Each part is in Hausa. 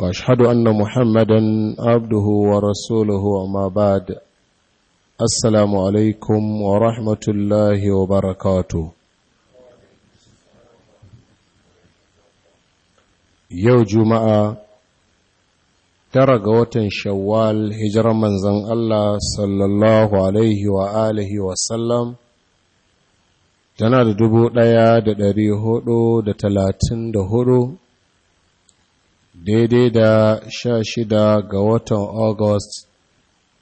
واشهد ان محمدا عبده ورسوله وما بعد السلام عليكم ورحمه الله وبركاته يوم جمعه tara ga watan shawwal hijirar manzon Allah sallallahu alaihi wa wa sallam tana da dubu ɗaya da ɗari hudu da talatin da hudu daidai da sha shida ga watan August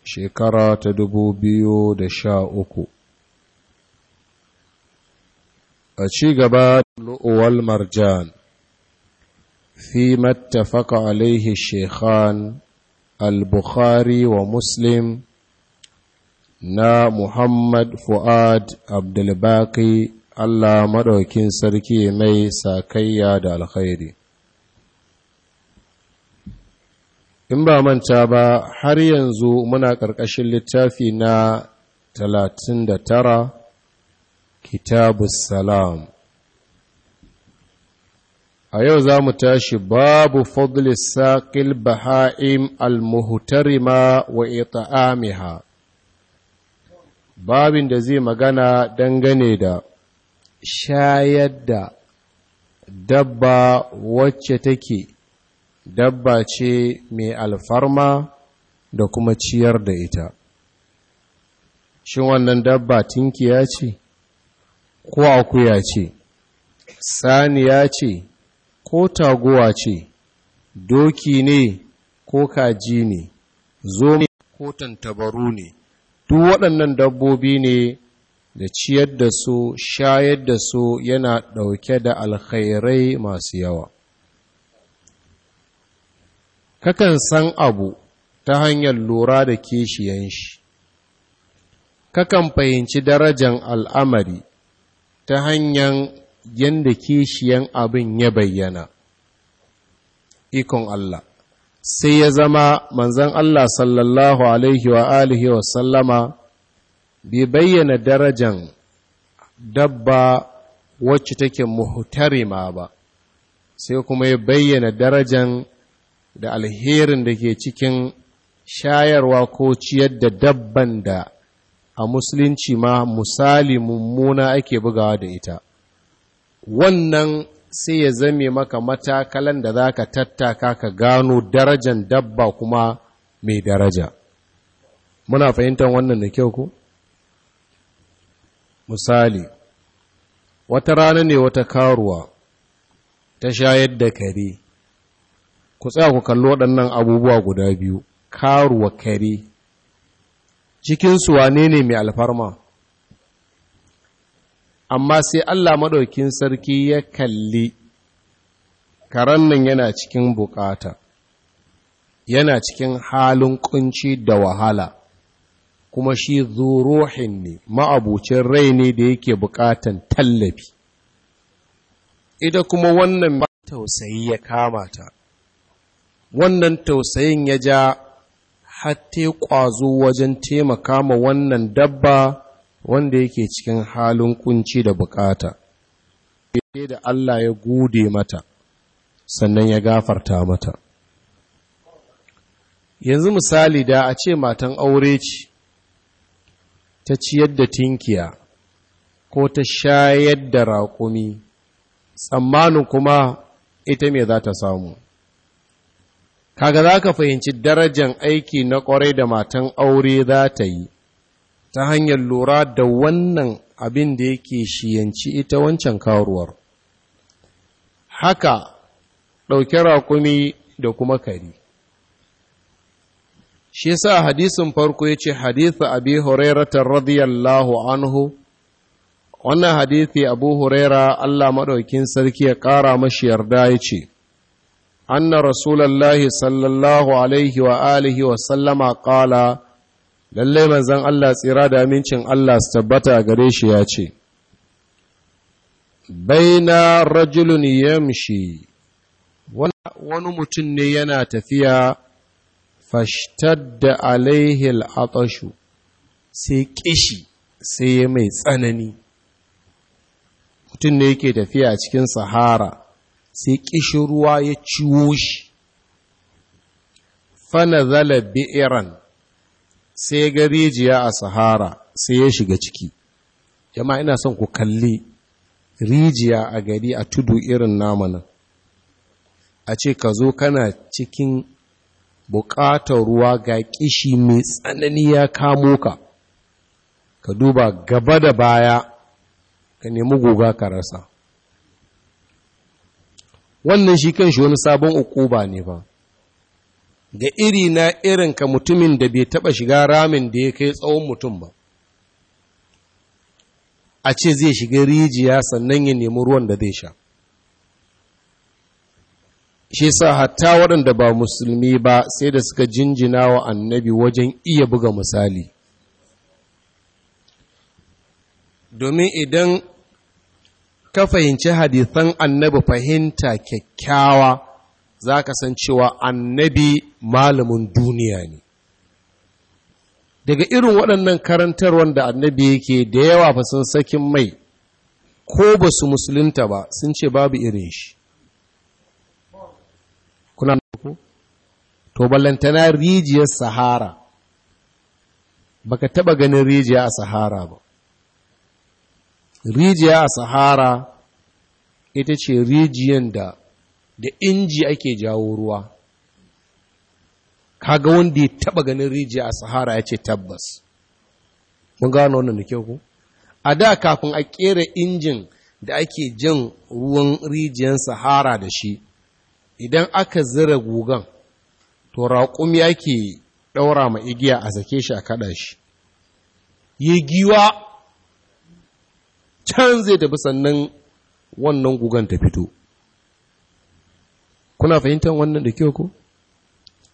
shekara ta dubu biyu da sha uku. A ci gaba lu'uwal marjan fi mattafaka alaihi shekhan al-Bukhari wa Muslim na Muhammad Fu'ad Abdulbaki Allah maɗaukin sarki mai sakayya da alkhairi. in ba manta ba har yanzu muna ƙarƙashin littafi na 39 kitabu salam a yau za mu tashi babu fadlis saƙil baha'im almuhtarima wa ita'amiha babin da zai magana dangane da shayar da dabba wacce take dabba ce mai alfarma da kuma ciyar da ita shin wannan dabba tinkiya ce ko akuya ce saniya ce ko taguwa ce doki ne ko kaji ne zo ne ko tantabaru ne duk waɗannan dabbobi ne da ciyar da su shayar da su yana ɗauke da alkhairai masu yawa kakan san abu ta hanyar lura da kishiyan shi kakan fahimci darajan al'amari ta hanyar yadda kishiyan abin ya bayyana ikon Allah sai ya zama manzan Allah sallallahu alaihi wa alihi wa sallama bai bayyana darajan dabba wacce take muhtarima ba sai kuma ya bayyana darajan da alherin da ke cikin shayarwa ko ciyar da dabban da a musulunci ma misali mummuna ake bugawa da ita wannan sai ya zame maka matakalan da za ka tattaka ka gano darajan dabba kuma mai daraja muna fahimtar wannan da kyau ku? misali wata rana ne wata karuwa ta shayar da kare ku tsaya ku kalli waɗannan abubuwa guda biyu karuwa kare cikinsu wane ne mai alfarma amma sai Allah maɗaukin sarki ya kalli karen nan yana cikin bukata yana cikin halin kunci da wahala kuma shi zuruhin ne ma'abucin rai ne da yake bukatan tallafi ita kuma wannan tausayi ya kamata. wannan tausayin ya ja hatta ƙwazo wajen taimaka ma wannan dabba wanda yake cikin halin kunci da bukata sai da Allah ya gode mata sannan ya gafarta mata yanzu misali da a ce matan aure ce ta ciyar da tinkiya ko ta shayar da raƙumi tsammanin kuma ita me za ta samu kaga za ka fahimci darajan aiki na ƙwarai da matan aure za ta yi ta hanyar lura da wannan abin da yake shiyanci ita wancan karuwar haka ɗauke raƙumi da kuma kari shi sa hadisin farko ya ce haditha abi hurairata radiyallahu anhu wannan hadithi abu huraira allah maɗaukin sarki ya ƙara mashi yarda ya ce أن رسول الله صلى الله عليه وآله وسلم قال للي من زن الله من شن الله استبتا قريش ياتي بين رجل يمشي wani mutum ne yana tafiya العطش سيكشي سيمي sai ƙishi sai mai tsanani mutum ne yake tafiya cikin sahara sai ƙishin ruwa ya ciwo shi Fana zala bi'iran sai ga rijiya a sahara sai ya shiga ciki jama'a ina son ku kalli rijiya a gari a tudu irin namana a ce ka zo kana cikin buƙatar ruwa ga ƙishi mai tsanani ya kamo ka ka duba gaba da baya ka nemi goga ka rasa wannan shi kan shi wani sabon ukuba ne ba ga iri na irin ka mutumin da bai taba shiga ramin da ya kai tsawon mutum ba a ce zai shiga rijiya sannan ya nemi ruwan da zai sha shi sa hatta waɗanda ba musulmi ba sai da suka jinjina wa annabi wajen iya buga misali domin idan ka fahimci hadithan annabi fahimta kyakkyawa za ka san cewa annabi malamin duniya ne daga irin waɗannan karantarwar da annabi yake da yawa fa sun sakin mai ko ba su musulunta ba sun ce babu irin shi kuna ku to ballantana rijiyar sahara baka taɓa ganin rijiya a sahara ba rijiya a sahara ita ce rijiyan da da inji ake jawo ruwa kaga wanda ya taba ganin rijiya a sahara ya ce tabbas mun gano wannan da ku a da kafin a kera injin da ake jin ruwan rijiyar sahara da shi idan aka zira gugan to raƙumi ake ɗaura ma igiya a sake shi a kaɗa shi yi giwa can zai tafi sannan wannan gugan ta fito kuna fahimtar wannan da kyau ko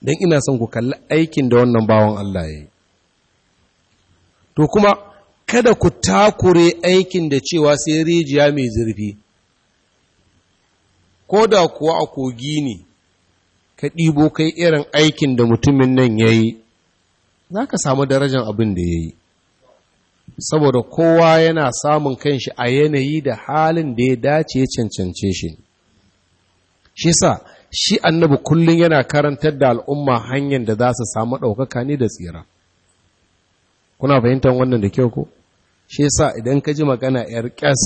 don ina son ku kalli aikin da wannan bawan Allah ya yi to kuma kada ku takure aikin da cewa sai rijiya mai zurfi ko da kuwa a kogi ne ka ɗibo kai irin aikin da mutumin nan ya yi za ka samu darajar abin da ya yi saboda kowa yana samun kanshi a yanayi da halin da ya dace ya cancance shi shi sa shi annabi kullum yana karantar da al'umma hanyar da za su samu ɗaukaka ne da tsira kuna fahimtar wannan da kyau ko shi sa idan ka ji magana ‘yar ƙyas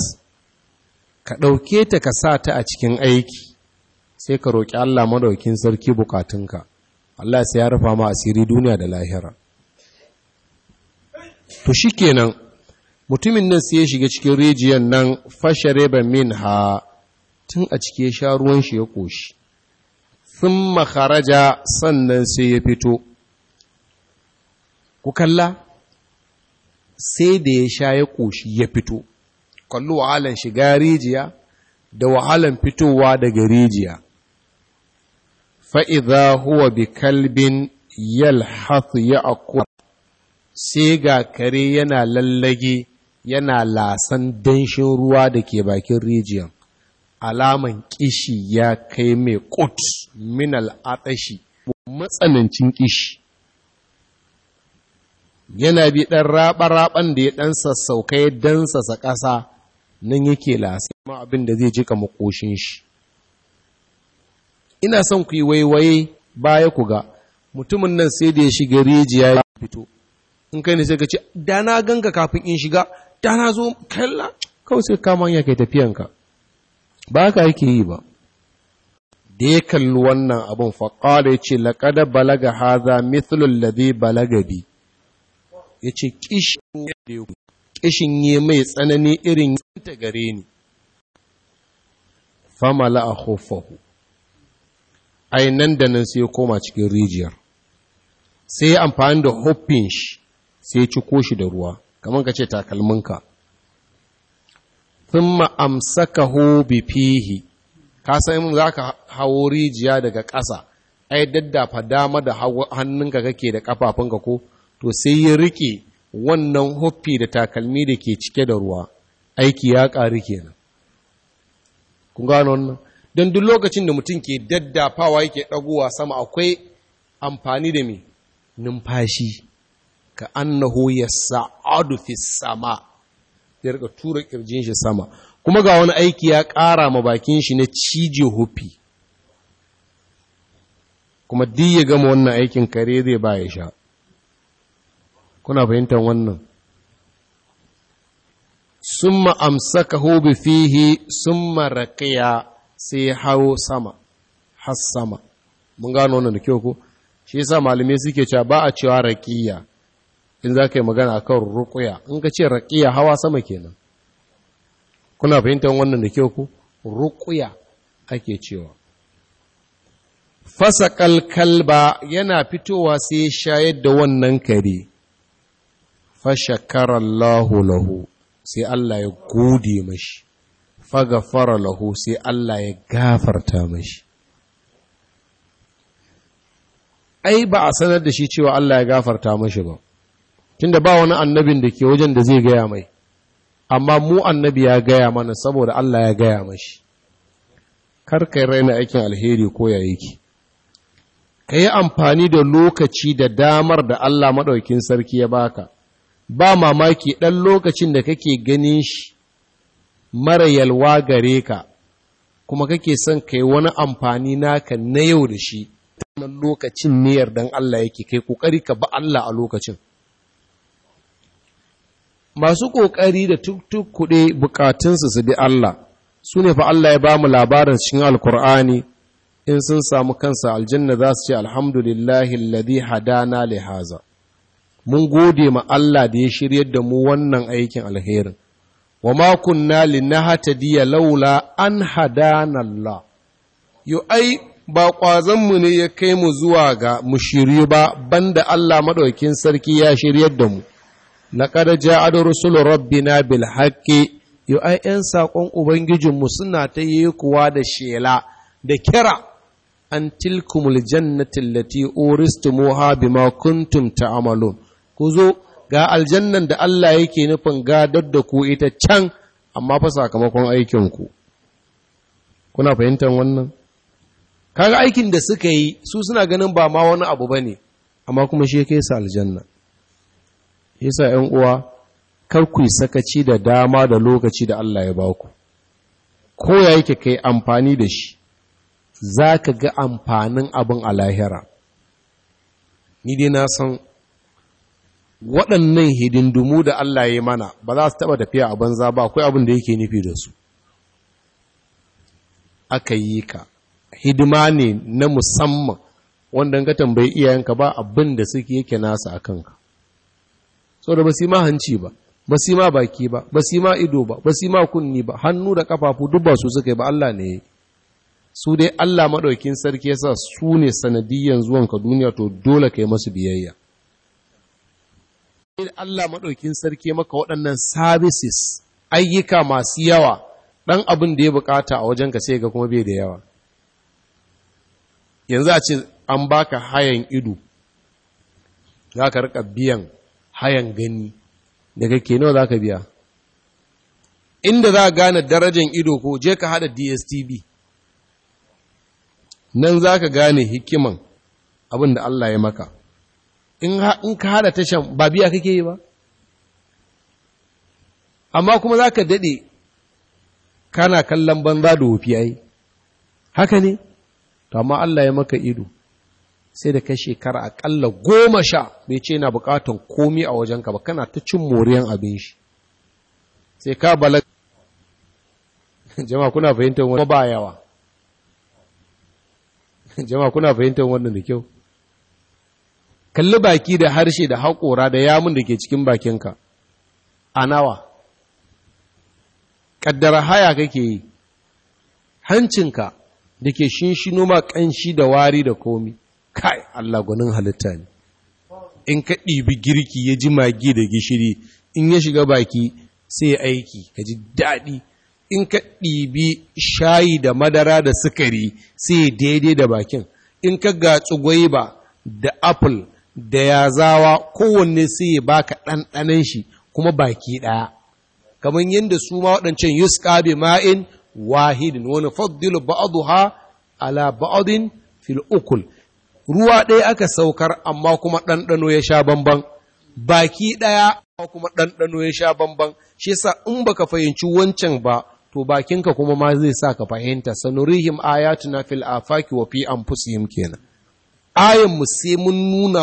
ka ɗauke ta ka sa ta a cikin aiki sai ka roƙi Allah maɗaukin sarki bukatunka Allah sai ya rufa ma asiri duniya da lahira to shi kenan, mutumin nan sai ya shiga cikin rijiyar nan fashareba ha tun a cike sha ruwan shi ya koshi sun makaraja sannan sai ya fito ku kalla sai da ya sha ya koshi ya fito kallo wahalan shiga rijiya da wahalan fitowa daga rijiya fa'iza huwa bi kalbin yalhath ya sai ga kare yana lallage yana lasan danshin ruwa da ke bakin rijiyar alaman kishi ya kai mai kut minal atashi matsanancin kishi yana bi ɗan raɓa-raɓan da ya ɗan sassauka ya dansasa ƙasa nan yake lasa ma abin da zai jika makoshin shi ina son ku yi waiwaye baya ku ga mutumin nan sai da ya shiga rijiya ya fito in kai ne sai ka ce da na ganga kafin in shiga da na zo kalla kawai sai kama hanya kai tafiyanka ba ka yake yi ba da ya kalli wannan abin faƙala ya ce laƙada balaga haza mithlul ladhi balaga bi ya ce ƙishin ya mai tsanani irin ta gare ni famala a hofahu ai nan da nan sai ya koma cikin rijiyar sai ya amfani da hoffin shi sai ya ci shi da ruwa kamar ka ce takalminka ka. amsakahu bi fihi ka san za ka hawo rijiya daga ƙasa ai daddafa dama da hannunka kake da kafafunka ko to sai ya rike wannan huffi da takalmi da ke cike da ruwa aiki ya ƙari kenan kun gano wannan don duk lokacin da mutum ke daddafawa yake ɗagowa sama akwai amfani da mai numfashi ka annahu sa'adu fi sama ya rika tura kirjin shi sama kuma ga wani aiki ya ƙara ma bakin shi na cije hufi kuma duk ya gama wannan aikin kare zai ba ya sha kuna fahimtar wannan summa ka bi fihi summa raqiya sai hawo sama har sama mun gano wannan da kyau ko shi yasa malamai suke cewa ba a cewa raqiya in za ka yi magana a kan rukuya in ka ce raƙiya hawa sama kenan kuna fahimtar wannan da kyau ku rukuya ake cewa Fasa kalba yana fitowa sai ya shayar da wannan kare fashakarallahu lahu sai Allah ya gode mashi fagafara lahu sai Allah ya gafarta mashi ai ba a sanar da shi cewa Allah ya gafarta mashi ba tunda ba wani annabin da ke wajen da zai gaya mai amma mu annabi ya gaya mana saboda Allah ya gaya mashi karkai raina aikin alheri ko ya yake ka yi amfani da lokaci da damar da Allah maɗaukin sarki ya baka ba mamaki ɗan lokacin da kake ganin shi mara yalwa gare ka kuma kake son ka yi wani amfani naka na yau da shi wannan lokacin niyyar dan Allah yake kai kokari ka ba Allah a lokacin masu ƙoƙari da tuk-tuk kuɗe bukatunsu su bi Allah su ne fa Allah ya ba mu labarin cikin alkur'ani in sun samu kansa aljanna za su ce alhamdulillahi ladi hadana li haza mun gode ma Allah da ya shirya da mu wannan aikin alherin wa na hata diya laula an hadana Allah yo ai ba ƙwazonmu ne ya kai mu zuwa ga mu shiryu ba banda Allah maɗaukin sarki ya shiryar da mu laqad ja'a rusulu rabbina bil haqqi yo ai yan sakon ubangijinmu suna ta yi kuwa da shela da kira an tilkumul jannati allati uristumuha bima kuntum ta'malun ku zo ga aljannan da Allah yake nufin gadar da ku ita can amma fa sakamakon aikin ku kuna fahimtar wannan kaga aikin da suka yi su suna ganin ba ma wani abu bane amma kuma shi kai su aljanna yasa ‘yan uwa kar ku sakaci da dama da lokaci da Allah ya ba ku ko ya yake kai amfani da shi za ka ga amfanin abin a lahira ni dai na san waɗannan hidindumu da Allah ya mana ba za su taɓa tafiya a banza ba akwai abin da yake nufi da su aka yi ka hidima ne na musamman wanda ka tambayi iyayenka ba abin da suke yake nasa a kanka saboda ba su ma hanci ba ba ma baki ba ba su ma ido ba ba ma kunni ba hannu da kafafu duk ba su suka yi ba Allah ne su dai Allah madaukin sarki yasa su ne sanadiyan zuwan ka duniya to dole kai masu biyayya Allah madaukin sarki maka waɗannan services ayyuka masu yawa ɗan abin da ya bukata a wajenka sai ga kuma bai da yawa yanzu a ce an baka hayan ido za ka rika biyan hayan gani da kake nawa za biya inda za gane darajar ido ko je ka hada dstv nan za ka gane hikiman abin da Allah ya maka in ka hada tashan ba biya kake yi ba amma kuma za ka daɗe kana kallon banza da wofi yayi haka ne to amma Allah ya maka ido sai da kai shekara akalla goma sha bai ce na bukatan komi a wajenka ba kana ta cin moriyan abin shi sai ka bala jama'a kuna fahimtar wani ba yawa jama'a kuna fahimtar wannan da kyau kalli baki da harshe da haƙora da yamun da ke cikin bakinka a nawa ƙaddara haya kake yi hancinka da ke shinshino ma ƙanshi da wari da komi kai Allah gwanin halitta ne in ka ɗibi girki ya ji magi da gishiri in ya shiga baki sai ya aiki ka ji daɗi in ka ɗibi shayi da madara da sukari sai ya daidai da bakin in ka gatsu gwaiba da apple da yazawa kowanne sai ya baka ɗanɗanen shi kuma baki ɗaya kamar yadda su ma waɗancan yuska bi ma'in wahidin wani faddilu ba'aduha ala ba'adin fil ruwa ɗaya aka saukar amma kuma ɗanɗano ya sha bamban baki ɗaya amma kuma ɗanɗano ya sha bamban shi yasa in baka fahimci wancan ba to bakinka kuma ma zai sa ka fahimta sanurihim ayatuna fil afaki wa fi anfusihim kenan ayan mu sai mun nuna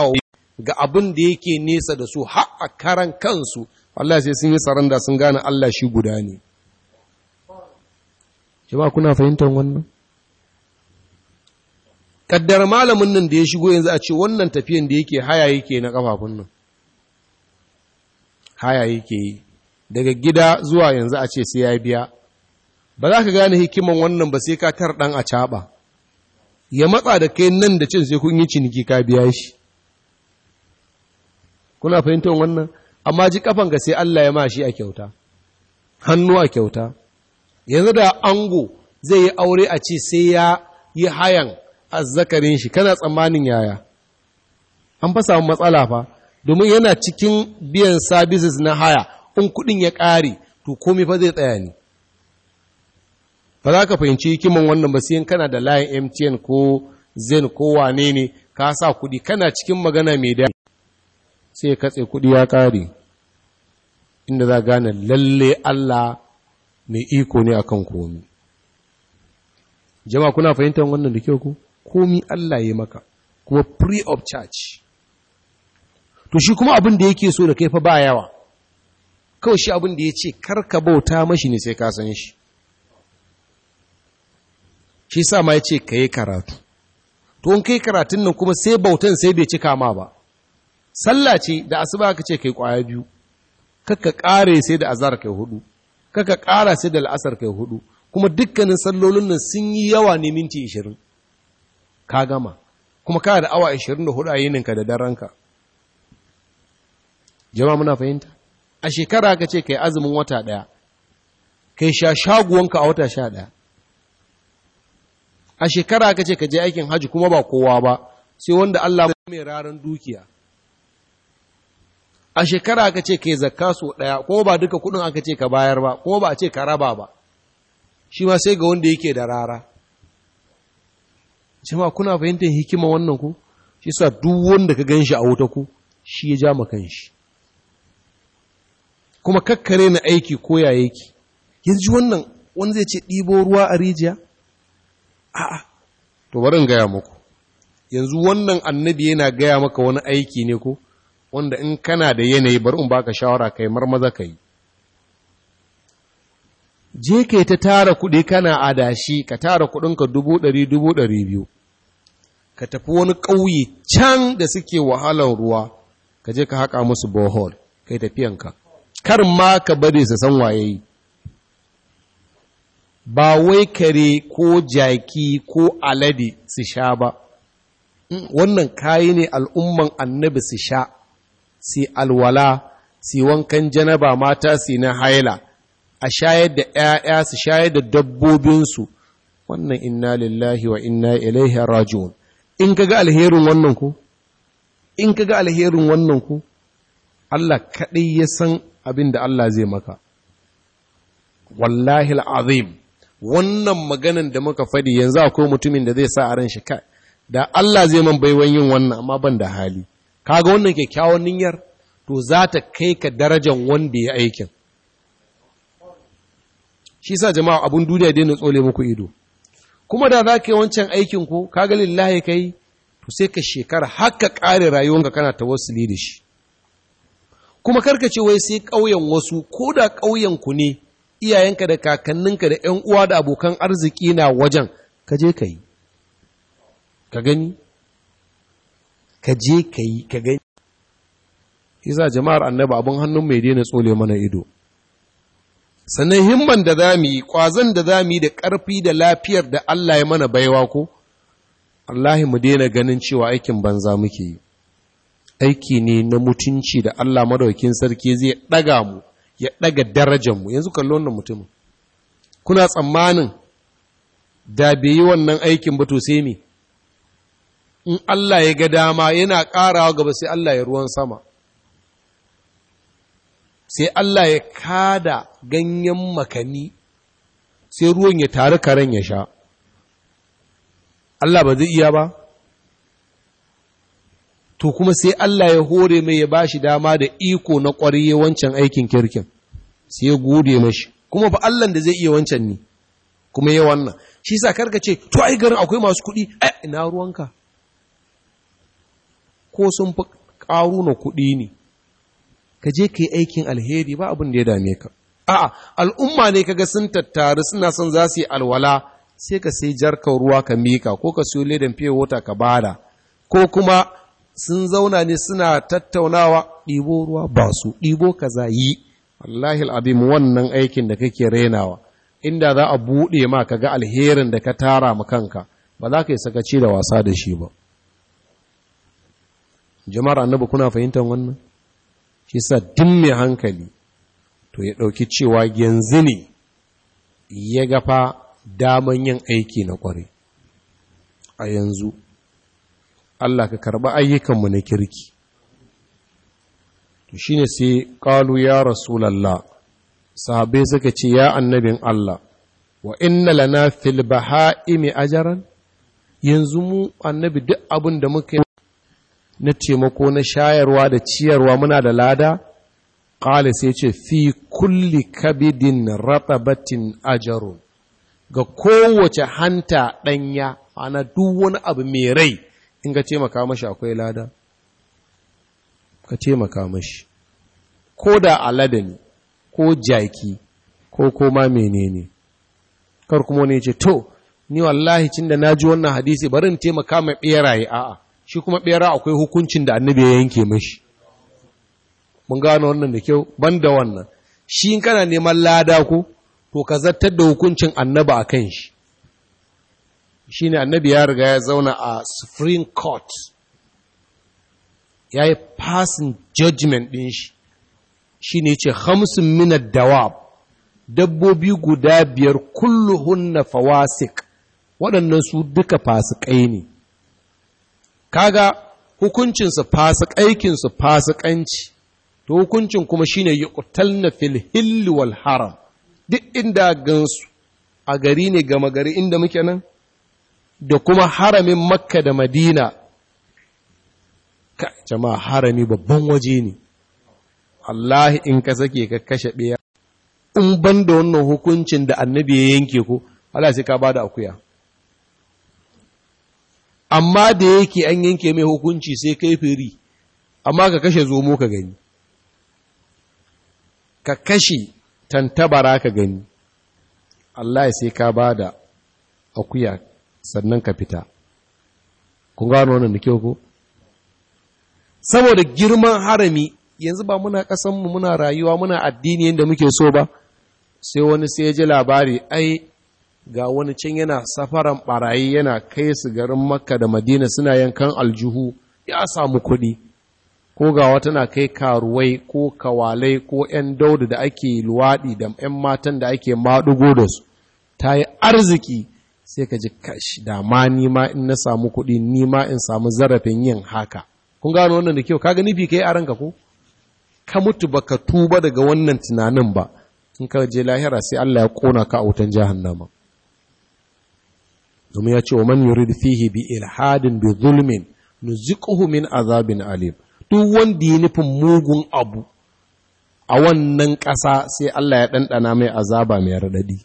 ga abin da yake nesa da su har a karan kansu Allah sai sun yi saranda sun gane Allah shi guda ne jama'a kuna fahimtar wannan kaddar malamin nan da ya shigo yanzu a ce wannan tafiyan da yake haya yake na kafafun nan haya yake yi daga gida zuwa yanzu a ce sai ya biya ba za ka gane hikiman wannan ba sai ka tar dan a caba ya matsa da kai nan da cin sai kun yi ciniki ka biya shi kuna fahimtar wannan amma ji kafan ga sai Allah ya ma shi a kyauta hannu a kyauta yanzu da ango zai yi aure a ce sai ya yi hayan azzakarin shi kana tsammanin yaya an fasa samu matsala fa domin yana cikin biyan services na haya in kuɗin ya kare to komai fa zai tsaya ne ba za ka fahimci hikiman wannan ba sai kana da layin MTN ko Zen ko wane ne ka sa kuɗi kana cikin magana mai dai sai katse kuɗi ya kare inda za gane lalle Allah mai iko ne akan komi jama'a kuna fahimtar wannan da kyau ko komi Allah ya maka kuma free of charge to shi kuma abin da yake so da kai fa ba yawa kawai shi abin da ya ce karka bauta mashi ne sai ka san shi shi sa ma ya ce ka yi karatu to in kai karatun nan kuma sai bautan sai bai cika ma ba sallah ce da asuba ka ce kai kwaya biyu kakka kare sai da azhar kai hudu kaka kara sai da al'asar kai hudu kuma dukkanin sallolin nan sun yi yawa ne minti 20 ka gama kuma ka da awa 24 a yininka da daranka jama'a muna fahimta a shekara ka ce yi azumin wata ɗaya ka yi shaguwanka a wata sha ɗaya a shekara ka ce ka je aikin hajji kuma ba kowa ba sai wanda Allah mai raran dukiya a shekara ka ce yi zakka so ɗaya ko ba duka kuɗin aka ce ka bayar ba ko ba a ce ka raba ba shi ma sai ga wanda yake da rara jama'a kuna fahimtar hikima wannan ku shi sa duk wanda ka gan shi a wuta ku shi ya ja ma kanshi kuma kakkare na aiki ko ya yake yanzu wannan wanda zai ce ɗibo ruwa a rijiya a'a to barin gaya muku yanzu wannan annabi yana gaya maka wani aiki ne ko wanda in kana da yanayi bari in baka shawara kai marmaza ka yi je ke ta tara kuɗi kana adashi ka tara kuɗinka dubu ɗari dubu ɗari biyu ka tafi wani ƙauye can da suke wahalar ruwa ka je ka haƙa musu bohol kai tafiyanka kar ma ka bari su san waye yi ba wai kare ko jaki ko alade su sha ba mm, wannan kayi ne al'umman annabi su sha si alwala si wankan janaba mata si na haila a shayar da ‘ya'ya su shayar da dabbobinsu wannan inna lillahi wa inna ilaihi rajiun in kaga alherin wannan ku in kaga alherin wannan ku Allah kaɗai ya san abin da Allah zai maka wallahi al'azim wannan maganan da muka faɗi yanzu akwai mutumin da zai sa a ran shi kai da Allah zai man baiwan yin wannan amma ban da hali kaga wannan kyakkyawan niyyar to za ta kai ka darajar wanda ya aikin shi sa jama'a abun duniya daina tsole muku ido kuma da za ka yi wancan aikin ku kaga lillahi kai yi to sai ka shekara haka ƙare rayuwanka kana wasu da shi kuma karka ce wai sai ƙauyen wasu ko da ƙauyen ku ne iyayenka da kakanninka da ƴan uwa da abokan arziki na wajen ka je ka yi ka gani ka je ka yi ka gani isa jama'ar annaba abun hannun mai daina tsole mana ido sannan himman da za mu yi ƙwazon da za mu yi da ƙarfi da lafiyar da Allah ya mana baiwa ko Allahi mu daina ganin cewa aikin banza muke yi aiki ne na mutunci da Allah madaukin sarki zai ɗaga mu ya ɗaga darajar mu yanzu kallon wannan mutumin kuna tsammanin da bai yi wannan aikin ba to sai me in Allah ya ga dama yana ƙarawa gaba sai Allah ya ruwan sama sai Allah ya kada ganyen makani sai ruwan ya taru karen ya sha Allah ba zai iya ba to kuma sai Allah ya hore mai ya bashi dama da iko na ƙwariye wancan aikin kirkin sai ya gode mashi kuma ba Allah da zai iya wancan ne kuma ya wannan shi sa karka ce to ai garin akwai masu kuɗi ai ina ruwanka ko sun fi ƙaru na kuɗi ne ka je ka yi aikin alheri ba abin da ya dame ka a'a al'umma ne kaga sun tattaru suna son za su yi alwala sai ka sai jarkar ruwa ka mika ko ka siyo ledan fiye wata ka bada ko kuma sun zauna ne suna tattaunawa ɗibo ruwa ba su ɗibo kaza yi wallahi al'abim wannan aikin da kake rainawa, inda za a buɗe ma ka ga alherin da ka tara ma kanka ba za ka yi sakaci da wasa da shi ba jama'ar annabi kuna fahimtar wannan shi sa din mai hankali to ya ɗauki cewa yanzu ne ya gafa daman yin aiki na ƙwarai a yanzu Allah ka karɓi ayyukanmu na kirki to shi ne sai ƙalu ya rasulallah sahabai suka ce ya annabin Allah wa inna lana fil baha'imi ajaran yanzu mu annabi duk abin da muka yi na taimako na shayarwa da ciyarwa muna da lada Ƙalis sai ce fi kulli kabidin ratabatin ajarun ga kowace hanta ɗanya ana duk wani abu mai rai in ka taimaka mashi akwai lada ka taimaka mashi ko da alada ne ko jaki ko koma menene kar kuma ne ce to ni wallahi cin da ji wannan hadisi bari in taimaka mai ɓeraye a'a shi kuma ɓera akwai hukuncin da annabi ya yanke mashi mun gano wannan da kyau ban da wannan shi in kana neman lada ko to ka zartar da hukuncin annabi a kan shi shi ne annabi ya riga ya zauna a supreme court ya yi passing judgment ɗin shi shi ne ce hamsin minar dawab dabbobi guda biyar kullum na fawasik waɗannan su duka fasikai ne kaga hukuncinsu fasik aikinsu fasikanci to hukuncin kuma shine yuqtalna fil hill wal haram duk inda gansu a gari ne gama gari inda muke nan da kuma haramin makka da madina ka jama'a harami babban waje ne wallahi in ka sake ka kashe ɓeya in ban da wannan hukuncin da annabi ya yanke ko Allah sai ka bada akuya amma da yake an yanke mai hukunci sai kai firi amma ka kashe zomo ka gani ka kashe tantabara ka gani Allah ya sai ka ba da akuya sannan ka fita kun gano wannan da kyau ko saboda girman harami yanzu ba muna ƙasanmu muna rayuwa muna addini yadda muke so ba sai wani sai ya ji labari ai ga wani can yana safaran barayi yana kai su garin makka da madina suna yankan aljihu ya samu kuɗi ko ga wata na kai karuwai ko kawalai ko 'yan daudu da ake luwaɗi da 'yan matan da ake maɗugo da su ta yi arziki sai ka ji kashi da ma nima in na samu kuɗi nima in samu zarafin yin haka kun gano wannan da kyau ka gani nufi ka yi a ranka ko ka mutu baka tuba daga wannan tunanin ba in ka je lahira sai Allah ya kona ka a wutan jahannama domin ya ce wa man yurid fihi bi ilhadin bi zulmin nuziquhu min azabin alim duk wanda ya nufin mugun abu a wannan ƙasa sai Allah ya ɗanɗana mai azaba mai raɗaɗi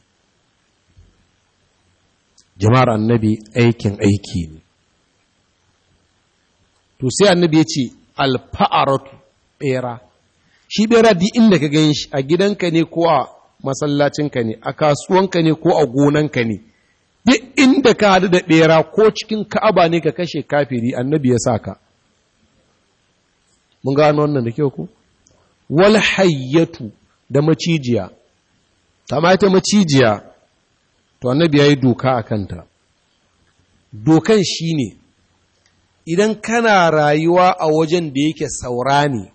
jama'ar annabi aikin aiki ne to sai annabi ya ce alfa'aratu ɓera shi ɓera di inda ka gan shi a gidanka ne ko a masallacinka ne a kasuwanka ne ko a gonanka ne duk inda ka hadu da bera ko cikin ka'aba ne ka kashe kafiri annabi ya sa ka. mun gano wannan da kyau ku. wal da macijiya amma ita macijiya to annabi ya yi doka a kanta. dokan shine idan kana rayuwa a wajen da yake saura ne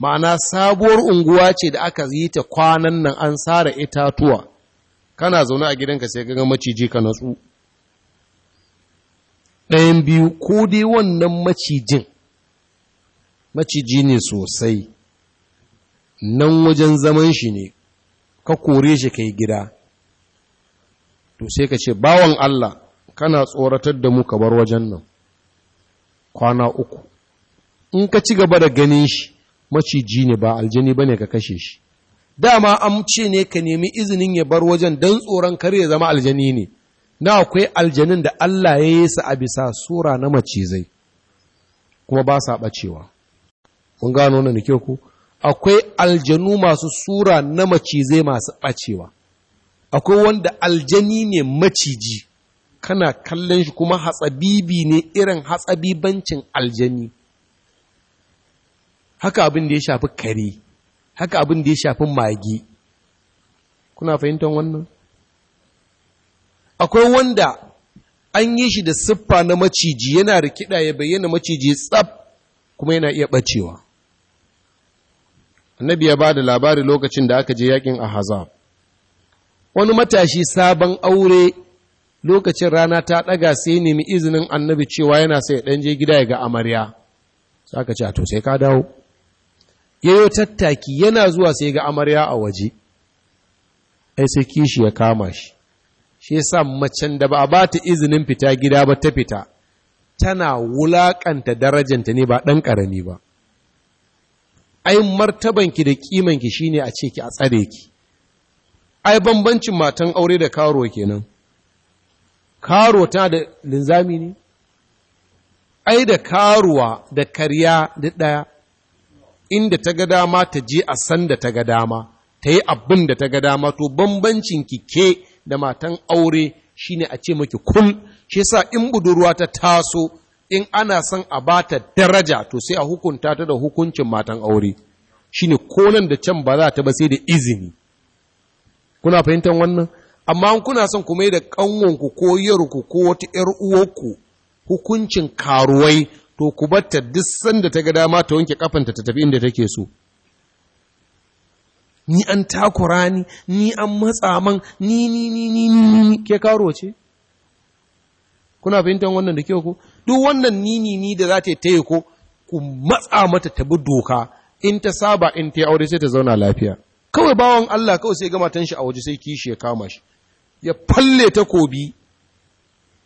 ma'ana sabuwar unguwa ce da aka yi ta kwanan nan an sare itatuwa kana zaune a gidanka sai ga maciji ka natsu ɗayan biyu ko dai wannan macijin maciji ne sosai nan wajen zaman shi ne ka kore shi kai gida to sai ka ce bawan Allah kana tsoratar da mu ka bar wajen nan kwana uku in ka ci gaba da ganin shi maciji ne ba aljini ne ka kashe shi dama an ce ne ka nemi izinin ya bar wajen don tsoron kar ya zama aljani ne na akwai aljanin da Allah ya yi su a bisa sura na macizai kuma ba sa ɓacewa mun gano na kyau ku akwai aljanu masu sura na macizai masu ɓacewa akwai wanda aljani ne maciji kana kallon shi kuma hatsabibi ne irin hatsabibancin aljani haka abin da ya shafi kare haka abin da ya shafi magi kuna fahimtar wannan akwai wanda an yi shi da siffa na maciji yana rikida ya bayyana maciji tsab kuma yana iya bacewa annabi ya ba da labari lokacin da aka je yakin haza. wani matashi sabon aure lokacin rana ta ɗaga sai nemi izinin annabi cewa yana sai ɗan je gida ya ga amarya sai aka ce to sai ka dawo yayo tattaki yana zuwa sai ga amarya a waje ai sai kishi ya kama shi shi ya sa macen da ba a ba ta izinin fita gida ba ta fita tana wulaƙanta darajanta ne ba ɗan ƙarami ba ai martabanki da shi ne a ce ki a tsare ki ai bambancin matan aure da karo kenan karo ta da linzami ne ai da karuwa da karya da ɗaya inda ta ga dama ta je a san da ta ga dama ta yi abin da ta ga dama to bambancin kike da matan aure shine a ce maki kul shi sa in budurwa ta taso in ana son a ba ta daraja to sai a hukunta ta da hukuncin matan aure ne konan da can ba za ta ba sai da izini kuna fahimtar wannan amma kuna son kuma yi da kanwanku ko yarku ko wata ‘yar uwarku hukuncin karuwai to ku batta duk sanda ta ga dama ta wanke kafanta ta tafi inda take so ni an takura ni ni an matsa man ni ni ni ni ke karo ce kuna fahimtar wannan da kyau ko duk wannan ni ni ni da za ta taya ko ku matsa mata ta bi doka in ta saba in ta aure sai ta zauna lafiya kawai bawan Allah kawai sai gama tanshi a waje sai kishi ya kama shi ya falle takobi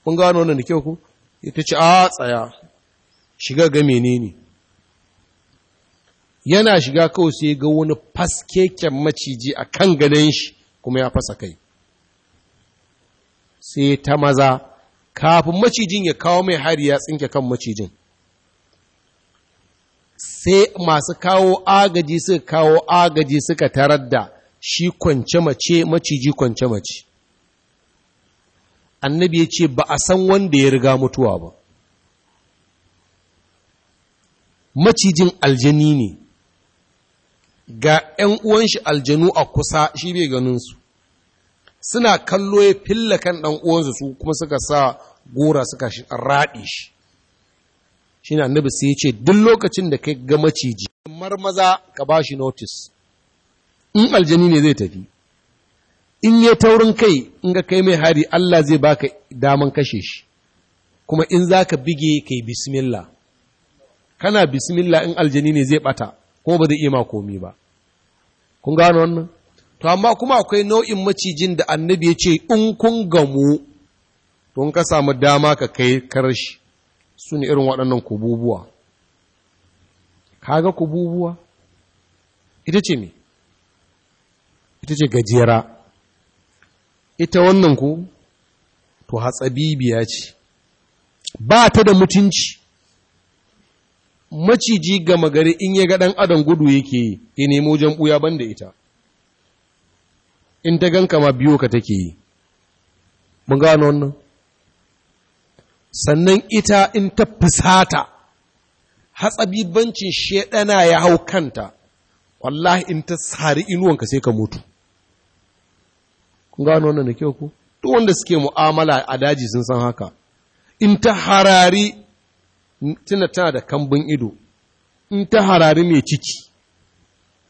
kun gano wannan da kyau ko ita ce a tsaya shiga ga menene yana shiga kawai sai ga wani faskeken maciji a kan gadon shi kuma ya fasa kai sai ta maza kafin macijin ya kawo mai hari ya tsinke kan macijin sai masu kawo agaji suka kawo agaji suka tarar da shi kwance mace maciji kwance mace annabi ya ce ba a san wanda ya riga mutuwa ba macijin aljani ne ga ‘yan uwanshi aljanu a kusa shi bai ganinsu suna kallo ya filla kan ɗan uwansu su kuma suka sa gora suka raɗe shi shi na nabi sai ce duk lokacin da kai ga maciji kamar maza ka ba shi notis, in aljani ne zai tafi in ya taurin kai in ga kai mai hari Allah zai baka daman kashe shi kuma in za ka bige kai bismillah kana bismillah in aljini ne zai bata kuma ba zai iya ma ba kun gano wannan to amma kuma akwai nau'in macijin da annabi ya ce in kun gamu to ka samu dama ka kai karshe su ne irin waɗannan kububuwa kaga kububuwa ita ce me ita ce gajera ita wannan ku to hatsabibiya ce ba ta da mutunci maciji gama gari in ya ga ɗan adam gudu yake yi ya nemo jan ɓuya ban da ita in ta gan ma biyo ka take yi mun gano wannan sannan ita in ta fusata hatsabibancin shaɗana ya hau kanta wallahi in ta sari inuwanka sai ka mutu kun gano wannan da kyau ku duk wanda suke mu'amala a daji sun san haka in ta harari tuna tana da kambun ido in ta harari mai ciki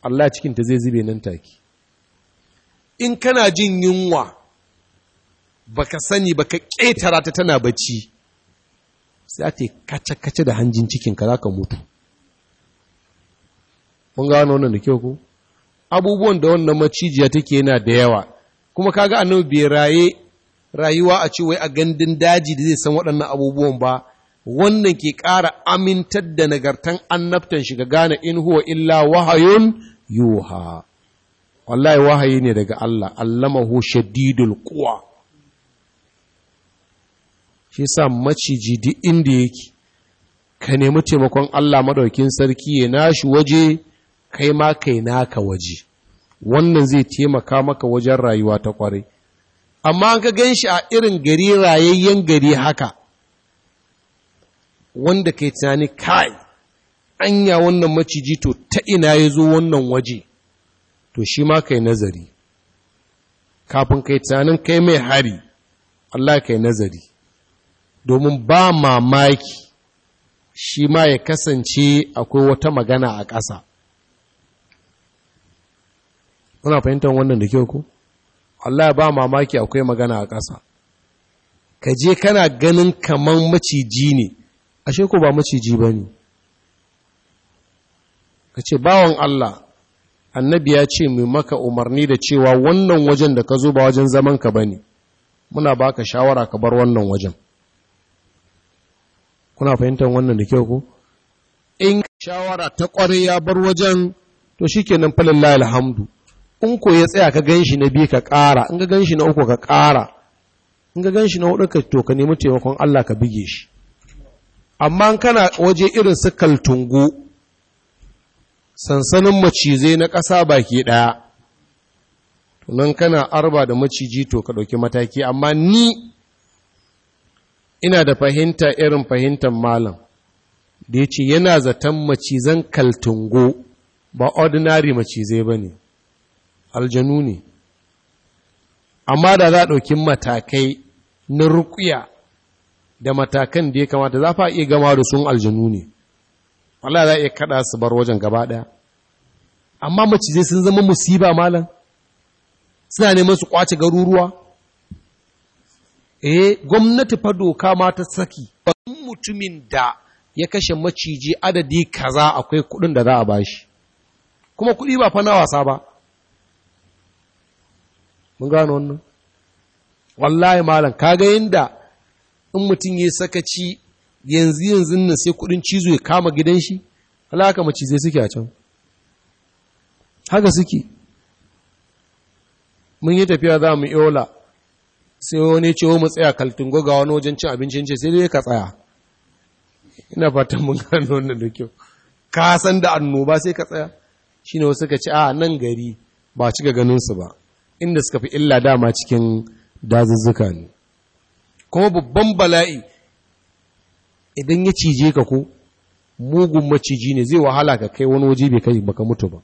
Allah cikinta zai zube nan take in kana jin yunwa baka sani baka ƙetara ta tana bacci sai ta kace-kace da hanjin cikinka za ka mutu mun gano wannan da kyau ko abubuwan da wannan macijiya take yana da yawa kuma kaga annabi bai raye rayuwa a ci wai a gandun daji da zai san waɗannan abubuwan ba wannan ke ƙara amintar da nagartan annabtan shi ga gane in huwa illa wahayun yuha wallahi wahayi ne daga Allah allamahu shadidul quwa shi sa maciji duk inda yake ka nemi taimakon Allah madaukin sarki ya nashi waje kai ma kai naka waje wannan zai taimaka maka wajen rayuwa ta kwarai amma an ka gan a irin gari rayayyen gari haka wanda kai tunani kai anya wannan maciji to ta ina ya zo wannan waje to shi ma kai nazari kafin kai tunanin kai mai hari Allah kai nazari domin ba mamaki shi ma ya kasance akwai wata magana a ƙasa kuna fahimtar wannan da kyau ku Allah ba mamaki akwai magana a ƙasa ka je kana ganin kaman maciji ne ashe ko ba maciji ba ne ka ce bawan Allah annabi ya ce mai maka umarni da cewa wannan wajen da ka zo ba wajen zaman ka ba ne muna baka shawara ka bar wannan wajen kuna fahimtar wannan da kyau ko in shawara ta kware ya bar wajen to shi shikenan falillahi alhamdu in ko ya tsaya ka ganshi na biyu ka ƙara in ka ganshi na uku ka ƙara in ka ganshi na hudu ka to ka nemi taimakon Allah ka bige shi amma kana waje irin su kaltungu sansanin macizai na ƙasa baki ɗaya tunan kana arba da maciji to ka ɗauki mataki amma ni ina da fahimta irin fahimtar malam da ya ce yana zaton macizan kaltungu ba ordinary macizai ba ne aljanu ne amma da za a ɗauki matakai na rukuya da matakan da ya kamata za fa iya gama da sun aljanu ne Wala za iya kada su bar wajen gaba daya amma macizai sun zama musiba malam suna neman su kwace garuruwa eh gwamnati fa doka ma ta saki mutumin da ya kashe maciji adadi kaza akwai kudin da za a bashi kuma kudi ba fa na wasa ba mun gano wannan wallahi malam kaga yinda in mutum ya sakaci yanzu yanzu nan sai kudin cizo ya kama gidan shi alaka macizai suke a can haka suke mun yi tafiya za mu yola sai wani ce oh, mu tsaya kaltin goga wani wajen cin abincin ce sai dai ka tsaya ina fatan mun gano wannan da kyau ka san da annoba sai ka tsaya shine wasu ka ci a ah, nan gari ba ci ga ganin su ba inda suka fi illa dama cikin dazuzzuka ne kuma babban bala'i idan ya cije ka ko mugun maciji ne zai wahala ka kai wani waje bai kai baka mutu ba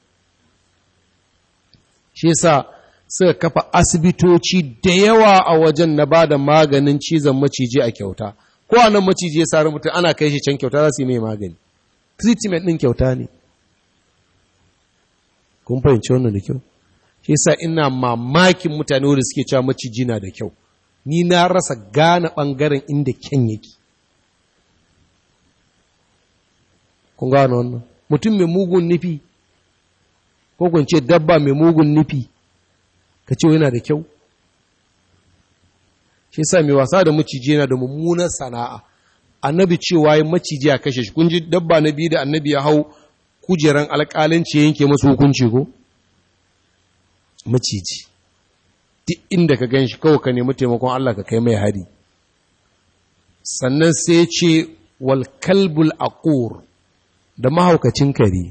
shi sa suka kafa asibitoci da yawa a wajen na ba da maganin cizon maciji a kyauta ko anan maciji ya sari mutu ana kai shi can kyauta za su yi mai magani treatment ɗin kyauta ne kun fahimci wannan da kyau shi sa ina mamakin mutane wanda suke cewa maciji na da kyau ni na rasa gane ɓangaren inda kyan yake kun gane wannan mutum mai mugun nufi ko kunce dabba mai mugun nufi ka ce yana da kyau shi sa mai wasa da maciji yana da mummunar sana'a annabi cewa yin maciji a kashe shi kun ji dabba na biyu da annabi ya hau kujeran ce yanke masu hukunci ko maciji duk inda ka gan shi kawai ka nemi taimakon Allah ka kai mai hari sannan sai ce wal kalbul aqur da mahaukacin kare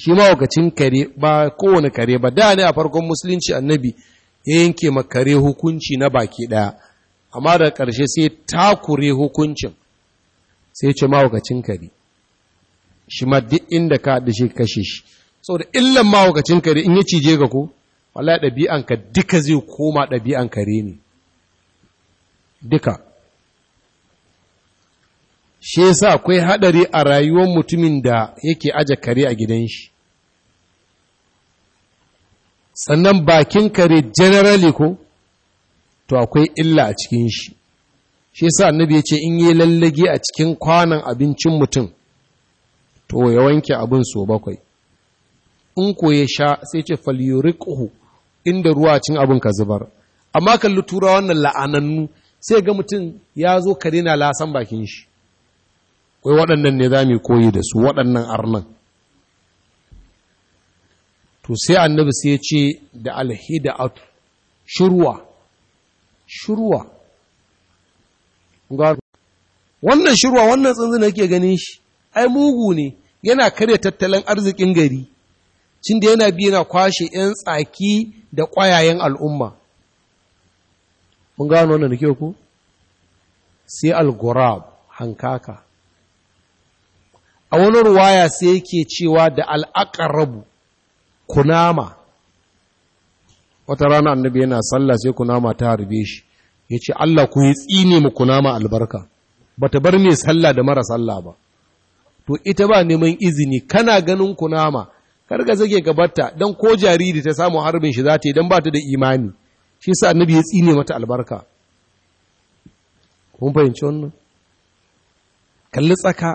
shi mahaukacin kare ba kowane kare ba da ne a farkon musulunci annabi ya yanke ma kare hukunci na baki ɗaya amma da ƙarshe sai takure hukuncin sai ce mahaukacin kare shi ma duk inda ka haɗe shi kashe shi saboda illan mahaukacin kare in ya cije ka ko wallahi ɗabi'anka duka zai koma ɗabi'an kare ne duka shi yasa akwai haɗari a rayuwar mutumin da yake aje kare a gidan shi sannan bakin kare generally ko to akwai illa a cikin shi shi yasa annabi ya ce in yi lallage a cikin kwanan abincin mutum to ya wanke abin so bakwai in ko ya sha sai ce falyuriquhu inda ruwa cin abin ka zubar amma kalli tura wannan la'anannu sai ga mutum ya zo ka daina lasan bakin shi kai waɗannan ne za mu koyi da su waɗannan arnan to sai annabi sai ya ce da shurwa shurwa ga wannan shurwa wannan tsanzu da ke ganin shi ai mugu ne yana karya tattalin arzikin gari cin da yana biyu yana kwashe 'yan tsaki da ƙwayayen al'umma mun gano wannan da ku sai al-gurab hankaka a wani ruwaya sai yake cewa da al'akarabu kunama wata rana annabi yana sallah sai kunama ta harbe shi ya ce Allah ku yi tsini mu kunama albarka ba ta bar mai sallah da mara sallah ba to ita ba neman izini kana ganin kunama kar ka gabata don ko jariri ta samu harbin shi za ta yi don ba ta da imani shi sa annabi ya tsine mata albarka kun fahimci wannan kalli tsaka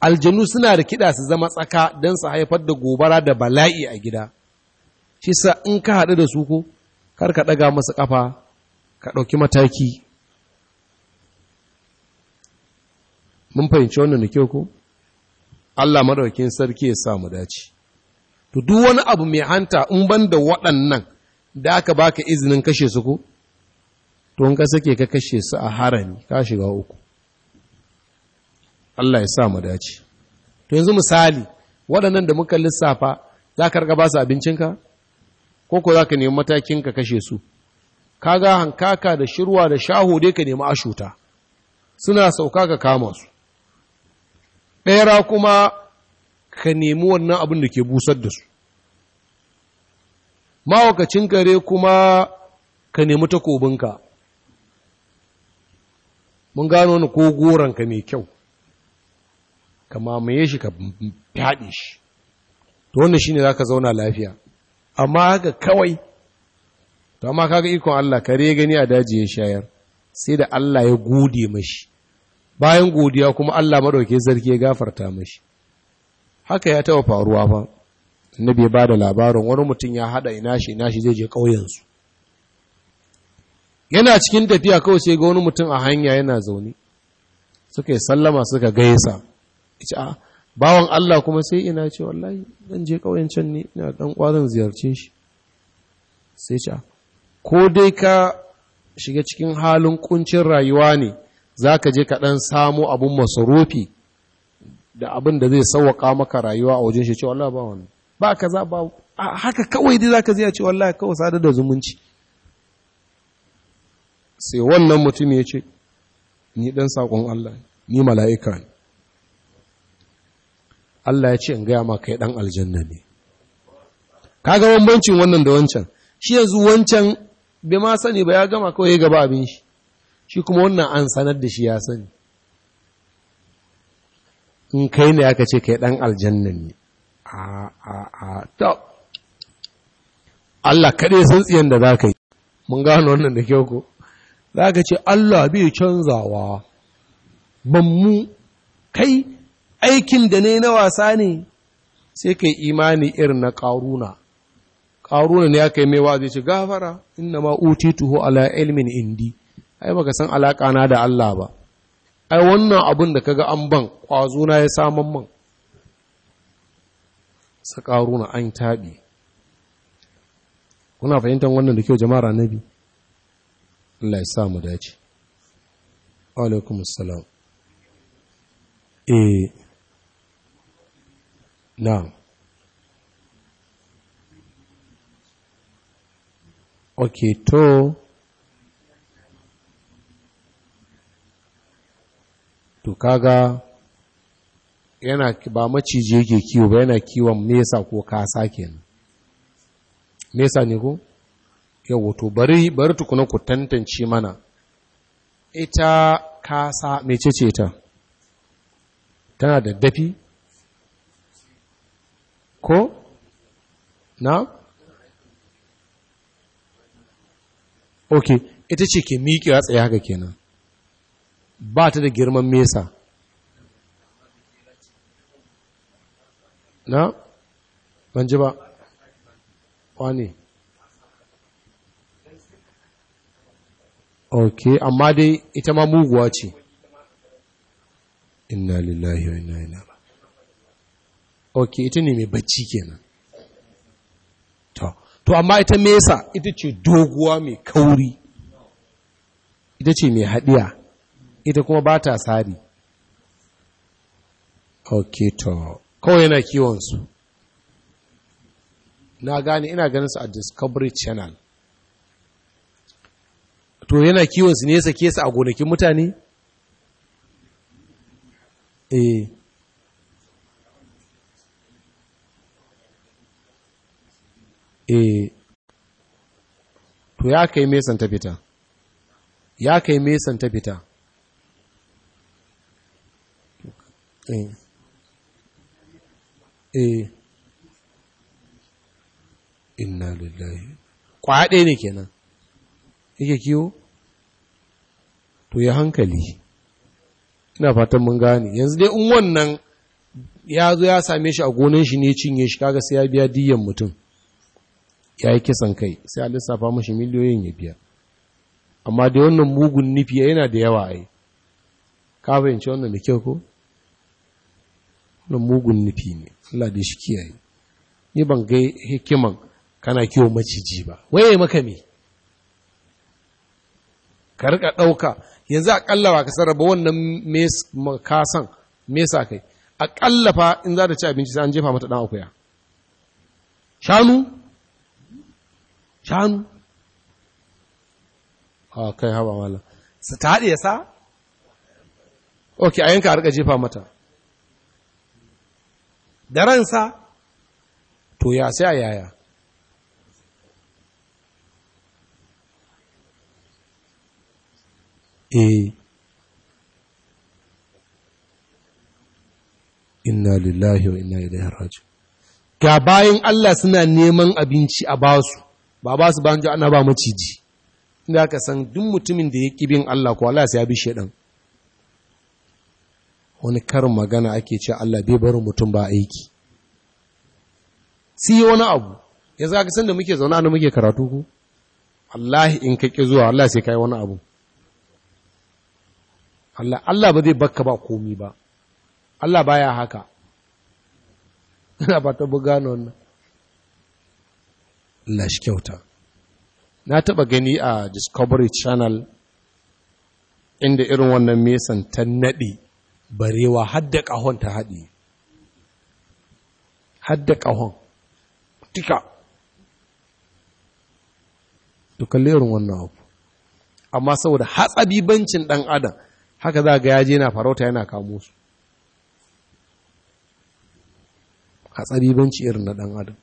aljanu suna da kiɗa su zama tsaka don su haifar da gobara da bala'i a gida shi sa in ka haɗu da su ko kar ka ɗaga masu ƙafa ka ɗauki mataki mun fahimci wannan da kyau ko Allah madaukin sarki ya samu dace to duk wani abu mai hanta in ban da waɗannan da aka baka izinin kashe su ko to in ka sake ka kashe su a harami ka shiga uku Allah ya sa mu dace to yanzu misali waɗannan da muka lissafa za ka rika ba su abincinka ko ko za ka nemi matakin ka kashe su kaga hankaka da shirwa da shaho dai ka nemi ashuta suna sauka ka kama su ɗera kuma ka nemi wannan abin da ke busar da su mawakacin kare kuma ka nemi takobinka mun gano wani ko goronka mai kyau ka mamaye shi ka fyaɗe shi to wannan shine ka zauna lafiya amma haka kawai to amma kaga ikon Allah kare gani a daji ya shayar sai da Allah ya gode mashi bayan godiya kuma Allah maɗauke zarki ya gafarta mashi haka ya taɓa faruwa fa annabi ya bada labarin wani mutum ya haɗa ina shi ina shi zai je ƙauyensu yana cikin tafiya kawai sai ga wani mutum a hanya yana zaune suka yi sallama suka gaisa ita bawan Allah kuma sai ina ce wallahi zan je ƙauyen can ne ina dan ƙwarin ziyarce shi sai ce ko dai ka shiga cikin halin kuncin rayuwa ne za ka je ka ɗan samo abin masarufi da abin da zai sauwaka maka rayuwa a wajen shi ce wallah ba wani ba ka za ba haka kawai dai za ka zai ce wallah kawai sadar da zumunci sai wannan mutum ya ce ni ɗan saƙon Allah ni mala'ika ne Allah ya ce in gaya maka ya ɗan aljanna ne kaga bambancin wannan da wancan shi yanzu wancan bai ma sani ba ya gama kawai ya gaba abin shi shi kuma wannan an sanar da shi ya sani in kai ne aka ce kai ɗan aljanna ne a a a ta Allah kaɗai sun tsiyan da za ka yi mun gano wannan da kyau ko za ka ce Allah bai canzawa ban mu kai aikin da ne na wasa ne sai kai imani irin na ƙaruna ƙaruna ne aka yi mai wa zai ce gafara inna ma utituhu ala ilmin indi ai baka san alaka na da Allah ba ai wannan abin da kaga an ban kwazo na ya saman man sakaruna an tabi kuna fahimtar wannan da kyau jama'ar annabi Allah ya sa mu dace wa alaikum assalam eh na'am okay to to kaga yana ba maciji yake kiwo ba yana kiwon mesa ko kasa kenan mesa ne ko yawo to bari bari tukuna ku tantance mana ita kasa mecece ta tana da dafi ko na ok ita ce ke miƙewa tsaye haka kenan ba ta da girman mesa na ban ji ba wani ok amma dai ita ma muguwa ce inna lillahi wa inna ilaihi ok ita ne mai bacci kenan to to amma ita mesa ita ce doguwa mai kauri ita ce mai hadiya ita kuma ba ta sari ok to kawai yana kiwonsu na gane ina ganin su a discovery channel to yana kiwonsu ne ya sake su a gonakin mutane E! E! to ya kai mesan ta fita ya kai mesan ta fita Eh. eh inna lillahi kwaya ɗaya ne kenan yake kiwo to ya hankali ina fatan mun gane yanzu dai in wannan ya zo ya same shi a gonan shi ne cinye shi kaga sai ya biya diyan mutum ya yi kisan kai sai a lissafa mashi miliyoyin ya biya amma da wannan mugun nufi yana da yawa ai ka fahimci wannan da kyau ko Na mugun nufi ne Allah da shi kiyaye ni ban ga hikiman kana kiwo maciji ba waye maka me ka rika ɗauka yanzu aƙalla ba ka sarrafa wannan kasan mesa kai A fa in za ta ci abinci sai an jefa mata ɗan akuya shanu shanu a kai hawa wala su ta haɗe sa ok a yanka a rika jefa mata da ransa to ya sai a yaya eh. inna lillahi wa inna ilaihi raji ga bayan Allah suna neman abinci a basu ba ba su banjo ana ba maciji inda aka san duk mutumin da ya bin Allah ko Allah sai ya bi shedan wani karin magana ake ce Allah bai barin mutum ba aiki sai wani abu yanzu ka san da muke zaune ana muke karatu ku Allah in ka ƙi zuwa Allah sai kai wani abu Allah Allah ba zai bakka ba komi ba Allah baya haka ina ba ta bugano wannan Allah shi kyauta na taba gani a Discovery Channel inda irin wannan mesan ta nadi barewa hadda ƙahon ta haɗe hadda ƙahon tika dukallerin wannan abu amma saboda hatsabibancin ɗan adam haka za ga yaje na farauta yana kamo su hatsabibanci irin na ɗan adam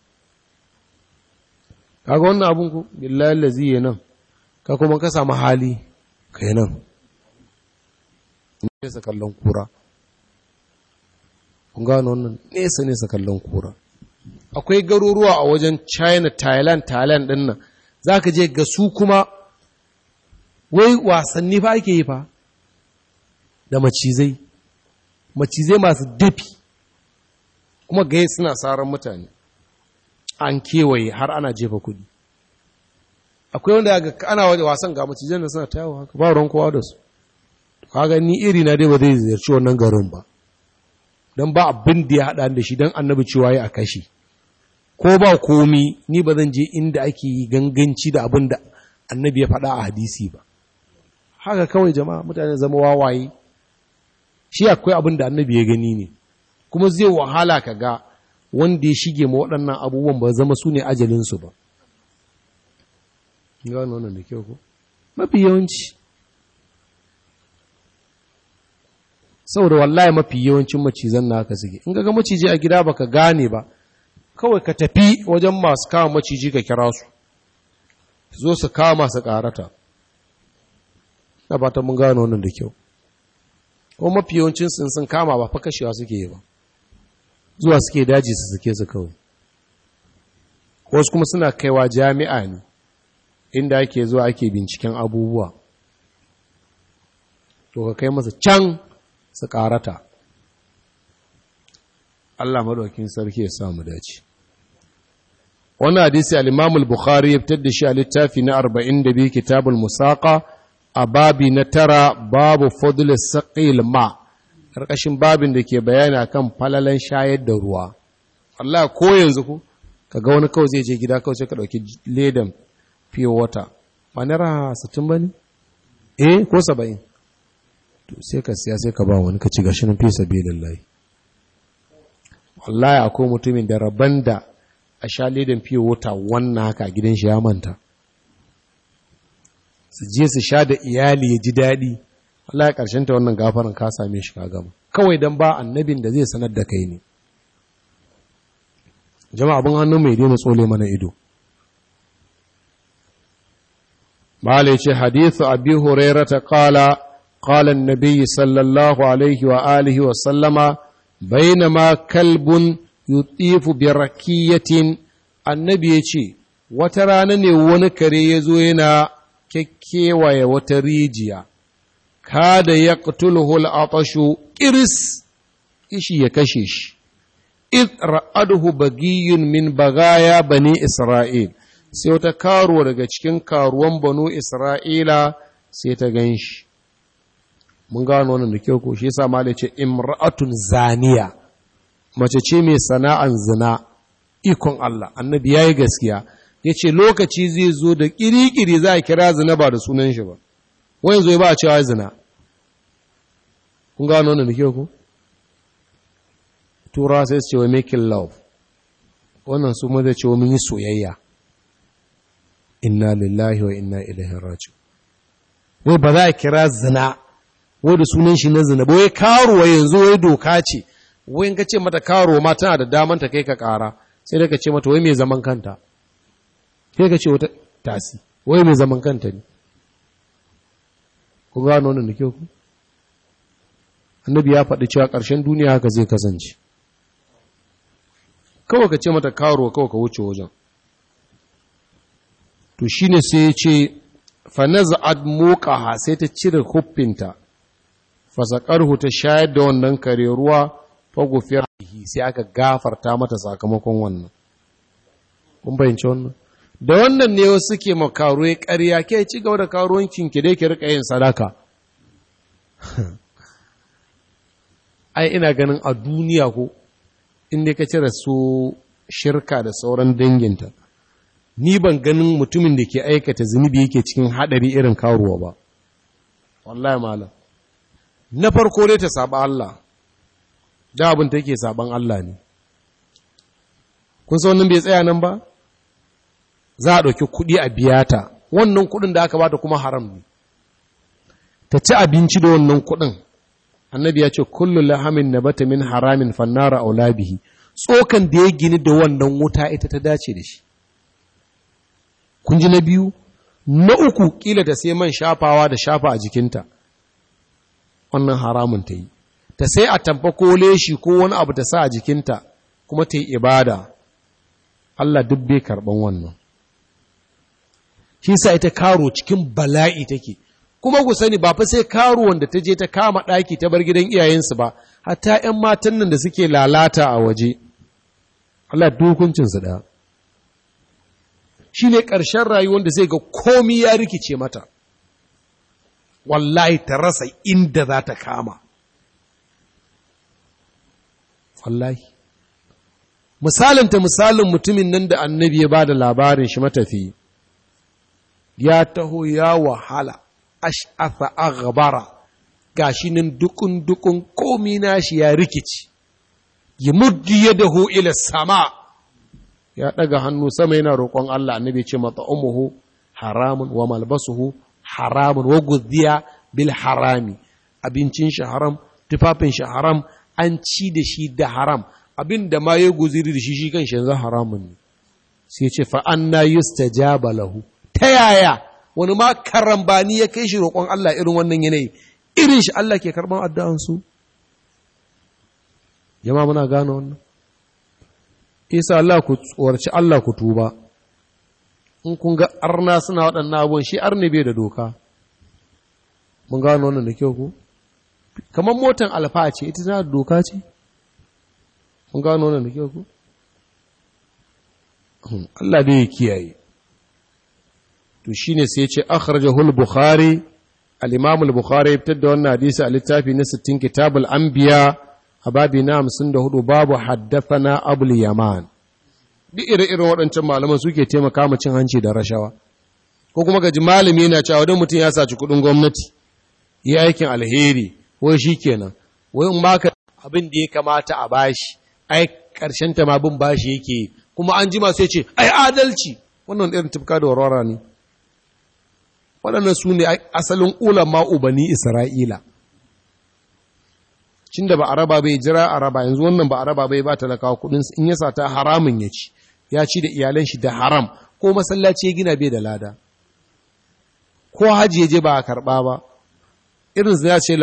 kaga wannan abun ku billahi lazi nan ka kuma ka samu hali kai nan nesa kallon kura kun gano wannan nesa nesa kallon kura akwai garuruwa a wajen china thailand thailand din nan za ka je ga su kuma wai wasanni fa ake yi fa da macizai macizai masu dafi kuma gaye suna saran mutane an kewaye har ana jefa kudi akwai wanda ga ana wasan ga macizai da suna tayawa haka ba ruwan kowa da su kaga ni iri na dai ba zai ziyarci wannan garin ba don ba abin da ya haɗa da shi don annabi cewa ya a kashi ko ba komi ni ba zan je inda ake yi ganganci da abin da annabi ya faɗa a hadisi ba haka kawai jama'a mutane zama wawaye shi akwai abin da annabi ya gani ne kuma zai wahala ka ga wanda ya shige ma waɗannan abubuwan ba zama su ne ajalinsu ba mafi yawanci saboda wallahi mafi yawancin macizan na haka suke in ga maciji a gida baka gane ba kawai ka tafi wajen masu kama maciji ka kira su zo su kama su karata na ba ta mun gano wannan da kyau ko mafi yawancin sun sun kama ba fa kashewa suke yi ba zuwa suke daji su suke su kawai wasu kuma suna kaiwa jami'a ne inda ake zuwa ake binciken abubuwa to ka kai masa can su ƙarata Allah maɗaukin sarki ya samu dace wani hadisi al’imamul bukhari ya fitar da shi a littafi na arba'in da biyu kitabul musaƙa a babi na tara babu fadl saƙil ma ƙarƙashin babin da ke bayani kan falalan shayar da ruwa Allah ko yanzu ku ka ga wani kawai zai je gida kawai sai ka ɗauki ledan pure water manara 60 bane eh ko 70 to sai ka siya sai ka ba wani ka ci gashi nan fi sabilillahi wallahi akwai mutumin da rabban da a sha ledan fiye wata wannan haka gidan shi ya manta su je su sha da iyali ya ji daɗi Allah ƙarshen ta wannan gafarin ka same shi ka gama kawai don ba annabin da zai sanar da kai ne jama'a abin hannun mai daina tsole mana ido Malai ce hadithu abi hurairata kala قال Nabiyyu صلى الله عليه وآله وسلم بينما كلب يطيف annabi ya ce, Wata rana ne wani kare yazo yana kyakkyawaye wata rijiya, kada ya ƙutulhul atashu ƙiris, ishi ya kashe shi, id ra'aduhu bagiyun min bagaya bani Isra'il, sai wata karuwa daga cikin karuwan banu Isra'ila sai ta ganshi. mun gano wannan da kyau ko shi yasa malai ce imra'atun zaniya mace ce mai sana'an zina ikon Allah annabi yayi gaskiya yace lokaci zai zo da kirikiri za a kira zina ba da sunan shi ba wai zo ba a cewa zina kun gano wannan da kyau ko tura sai su ce wa making love wannan su maza ce wa mun yi soyayya inna lillahi wa inna ilaihi raji'un wai ba za a kira zina wai da sunan shi na zina ba wai wa yanzu wai doka ce wai in ka ce mata karo ma tana da daman ta kai ka kara sai da ka ce mata wai mai zaman kanta sai ka ce wata tasi wai mai zaman kanta ne ku gano wannan da kyau ku annabi ya faɗi cewa ƙarshen duniya haka zai kasance kawai ka ce mata karo kawai ka wuce wajen to shine sai ya ce za'ad muqaha sai ta cire huffinta fasakarhu ta shayar da wannan kare ruwa fagufiyar sai aka gafarta mata sakamakon wannan kun bayyance wannan da wannan ne wasu suke ya ƙarya ke ci gaba da karuwan kinki dai ki rika yin sadaka ai ina ganin a duniya ko inda ka cire su shirka da sauran danginta ni ban ganin mutumin da ke aikata zunubi yake cikin haɗari irin karuwa ba wallahi malam na farko dai ta saba Allah da abin ta yake saban Allah ne kun san wannan bai tsaya nan ba za a ɗauki kuɗi a biya ta wannan kuɗin da aka bata kuma haram ne ta ci abinci da wannan kuɗin annabi ya ce kullu lahamin nabata min haramin fannara aula labihi. tsokan da ya gini da wannan wuta ita ta dace da shi kun ji na biyu na uku kila ta sai man shafawa da shafa a jikinta wannan haramun ta yi ta sai a tamfa ko leshi ko wani abu ta sa a jikinta kuma ta yi ibada Allah duk bai karɓan wannan shi sa ita karo cikin bala'i take kuma ku sani ba fa sai karo wanda ta je ta kama ɗaki ta bar gidan iyayensu ba hatta 'yan matan nan da suke lalata a waje Allah dokuncinsu ɗaya shi ne ƙarshen rayuwar da zai ga komi ya rikice mata wallahi ta rasa inda za ta kama wallahi misalinta misalin mutumin nan da annabi ya ba da labarin shi matafi ya taho ya wahala ash'atha aghbara gashi nan dukun dukun komi nashi ya rikici ya daho ila sama ya ɗaga hannu sama yana roƙon Allah annabi ce mata umuhu haramun wa malbasuhu haramun wa gudhiya bil harami abincin shi haram tufafin shi haram an ci da shi da haram abin da ma ya guziri da shi shi kan shi yanzu haramun ne sai ce fa anna yustajaba lahu ta yaya wani ma karambani ya kai shi roƙon Allah irin wannan yanayi irin shi Allah ke karɓar addu'an su jama'a muna gano wannan isa Allah ku tsorci Allah ku tuba in kun ga arna suna waɗannan abubuwan shi arne bai da doka mun gano wannan da kyau ku kamar motan alfaci ita za a doka ce mun gano wannan da kyau ku hmm, Allah dai ya kiyaye to shine sai ya ce akhrajahu al-bukhari alimamul imam bukhari ya fitar da wannan hadisi a littafi na 60 kitabul biya a babi na hamsin da hudu babu haddathana abul yaman duk ire-iren waɗancan malaman suke taimaka mu cin hanci da rashawa ko kuma gaji malami yana cewa don mutum ya saci kuɗin gwamnati ya aikin alheri ko shi kenan wai in baka abin da ya kamata a bashi ai ƙarshen ta ma bin bashi yake kuma an jima sai ce ai adalci wannan irin tufka da warwara ne waɗannan su ne asalin ulama ubani isra'ila cin ba a raba bai jira araba yanzu wannan ba a raba bai ba talakawa kudin in ya ta haramun ya ci ya ci da iyalan shi da haram ko masallaci ya gina bai da lada ko haji ya je ba a karba ba irin za ce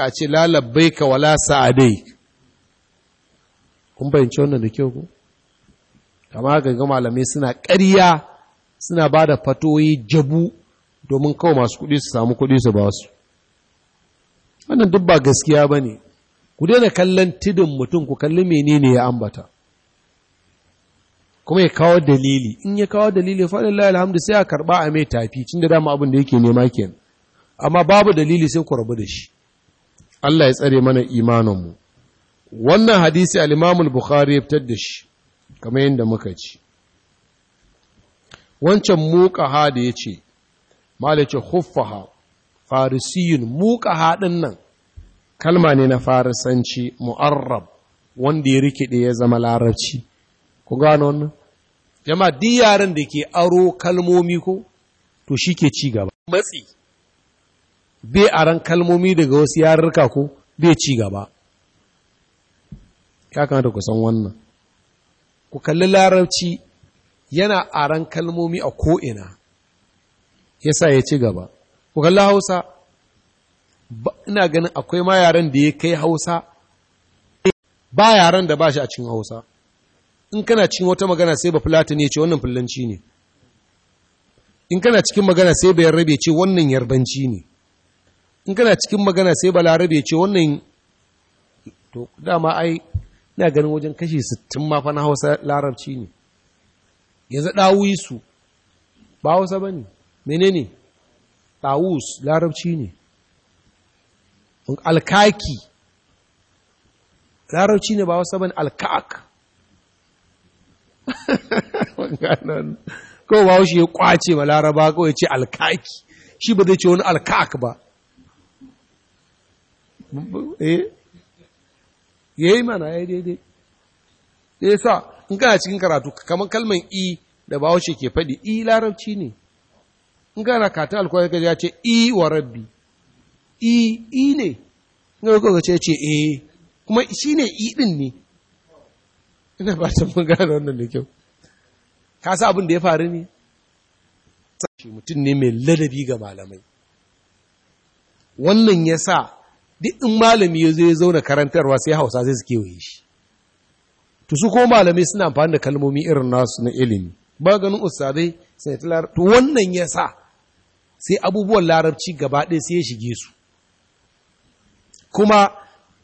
a ce la labbaika wala sa'adai kun bayyance wannan da kyau ku kama ga malamai suna ƙarya suna ba da fatoyi jabu domin kawo masu kuɗi su samu kuɗi su ba su wannan duk ba gaskiya ba ne ku daina kallon tidin mutum ku kalli menene ya ambata kuma ya kawo dalili in ya kawo dalili falillahi alhamdu sai a karɓa a mai tafi da dama abin da yake nema kenan amma babu dalili sai ku rabu da shi Allah ya tsare mana imaninmu wannan hadisi al bukhari ya fitar da shi kamar yadda muka ci wancan mukaha da yace ce huffaha farisiyun mukaha din nan kalma ne na farisanci mu'arrab wanda ya rikide ya zama larabci ku gano wannan jama duk yaran da ke aro kalmomi ko to shi ke ci gaba matsi bai aran kalmomi daga wasu yarurka ko bai ci gaba ya kamata ku san wannan ku kalli larabci yana aran kalmomi a ko'ina ya sa ya ci gaba ku kalli hausa ina ganin akwai ma yaran da ya kai hausa ba yaren da ba shi a cikin hausa in kana cikin wata magana sai ba fulata ya ce wannan fulanci ne in kana cikin magana sai ba yarrabe ce wannan yarbanci ne in kana cikin magana sai ba larabe ce wannan to dama ai ina ganin wajen kashi 60 ma fa na Hausa larabci ne yanzu dawuyi su ba Hausa bane menene dawus larabci ne alkaki larabci ne ba Hausa bane alka'ak ko ba shi ya kwace ma laraba ko ya ce alkaki shi ba zai ce wani alkak ba eh yi mana yayi daidai ya sa in kana cikin karatu kamar kalmar i da ba bahaushe ke faɗi i larabci ne in kana katin alkwari ka ya ce i wa rabbi i i ne in ka ce ce eh kuma shi ne i din ne ina ba ta mun gane wannan da kyau ka sa abin da ya faru ne sashi mutum ne mai ladabi ga malamai wannan ya sa duk in malami ya zo ya zauna karantarwa sai hausa zai suke waye shi to su ko malamai suna amfani da kalmomi irin nasu na ilimi ba ganin ustadai sai ta to wannan ya sa sai abubuwan larabci gaba ɗaya sai ya shige su kuma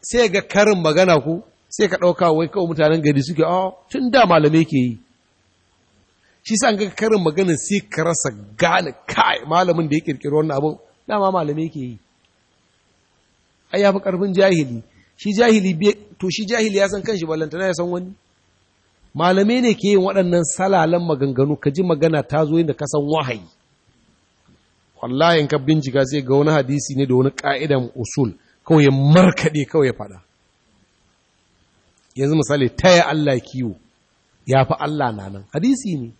sai ga karin magana ku sai ka ɗauka wai kawai mutanen gari suke a ah, tun da malamai ke yi shi sa ga karin magana sai ka rasa gane kai malamin da ya kirkiri wannan abin dama malamai ke yi ai ya fi karfin jahili shi jahili to shi jahili ya san kanshi ballantana ya san wani malamai ne ke yin waɗannan salalan maganganu ka ji magana ta zo da ka san wahayi wallahi in ka bincika sai ga wani hadisi ne da wani ka'idan usul kawai ya markaɗe kawai faɗa yanzu misali taya Allah kiwo ya fi Allah na nan hadisi ne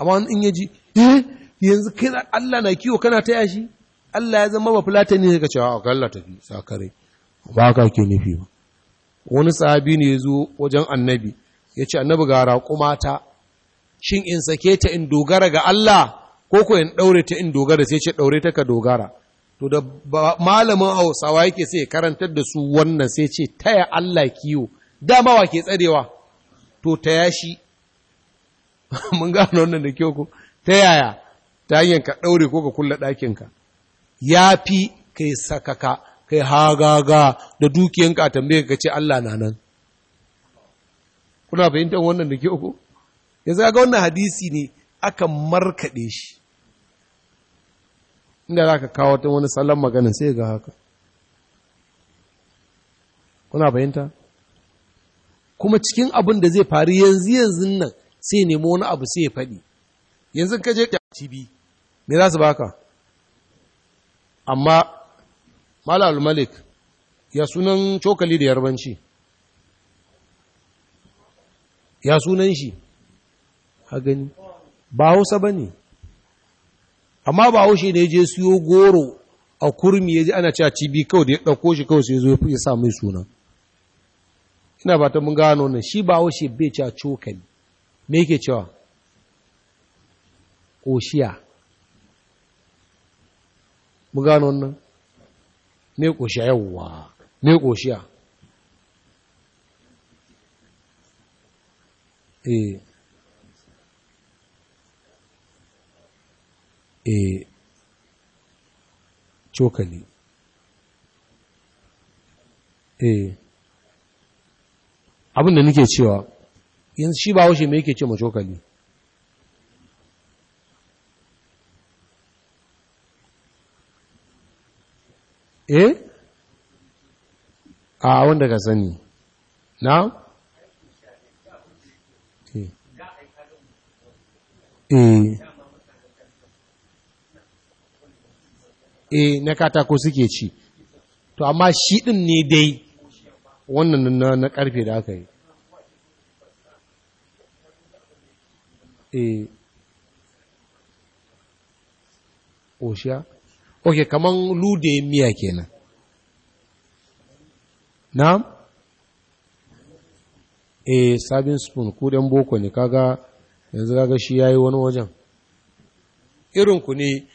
amma in ya ji eh, yanzu kai Allah na kiwo kana taya shi Allah ya zama ba fulata ne ka cewa ga Allah tafi sakare ba ka ke nufi ba wani sahabi ne ya zo wajen annabi ya ce annabi ga raƙuma shin in sake ta in dogara ga Allah ko ko in ɗaure ta in dogara sai ce ɗaure ta ka dogara to da malamin hausawa yake sai karantar da su wannan sai ce taya Allah kiwo damawa mawa ke tsarewa to ta yashi mun gano wannan da kyau ko ta yaya ta hanyar ka ɗaure ko ka kulle ɗakinka ya fi kai sakaka kai hagaga da dukiyanka a ka ce Allah na nan kuna fahimtar wannan da kyau ko yanzu ga wannan hadisi ne aka markaɗe shi inda za ka kawo ta wani salon maganin sai ga haka kuna fahimta kuma cikin abin da zai faru yanzu yanzu nan sai nemo wani abu sai ya faɗi yanzu ka je cibi me za su baka amma malal malik ya sunan cokali da yarbanci ya sunan shi ha gani ba hausa ba ne amma ba hausa ne je siyo goro a kurmi ya ji ana cewa cibi kawai da ya ɗauko shi kawai sai zo ya sa mai sunan ina ba ta mun gano nan shi ba washe bai cewa cokali me yake cewa ƙoshiya mun gano nan ne ƙoshiya yawwa me ƙoshiya eh eh cokali eh abin da nake cewa yanzu shi ba haushe mai yake ce ma cokali eh a wanda ka sani na eh, eh. eh na katako suke ci to amma shi din ne dai wannan na na karfe da aka yi eh oshia ok kaman lude miya kenan na eh sabin spoon ku dan boko ne kaga yanzu kaga shi yayi wani wajen irin ku ne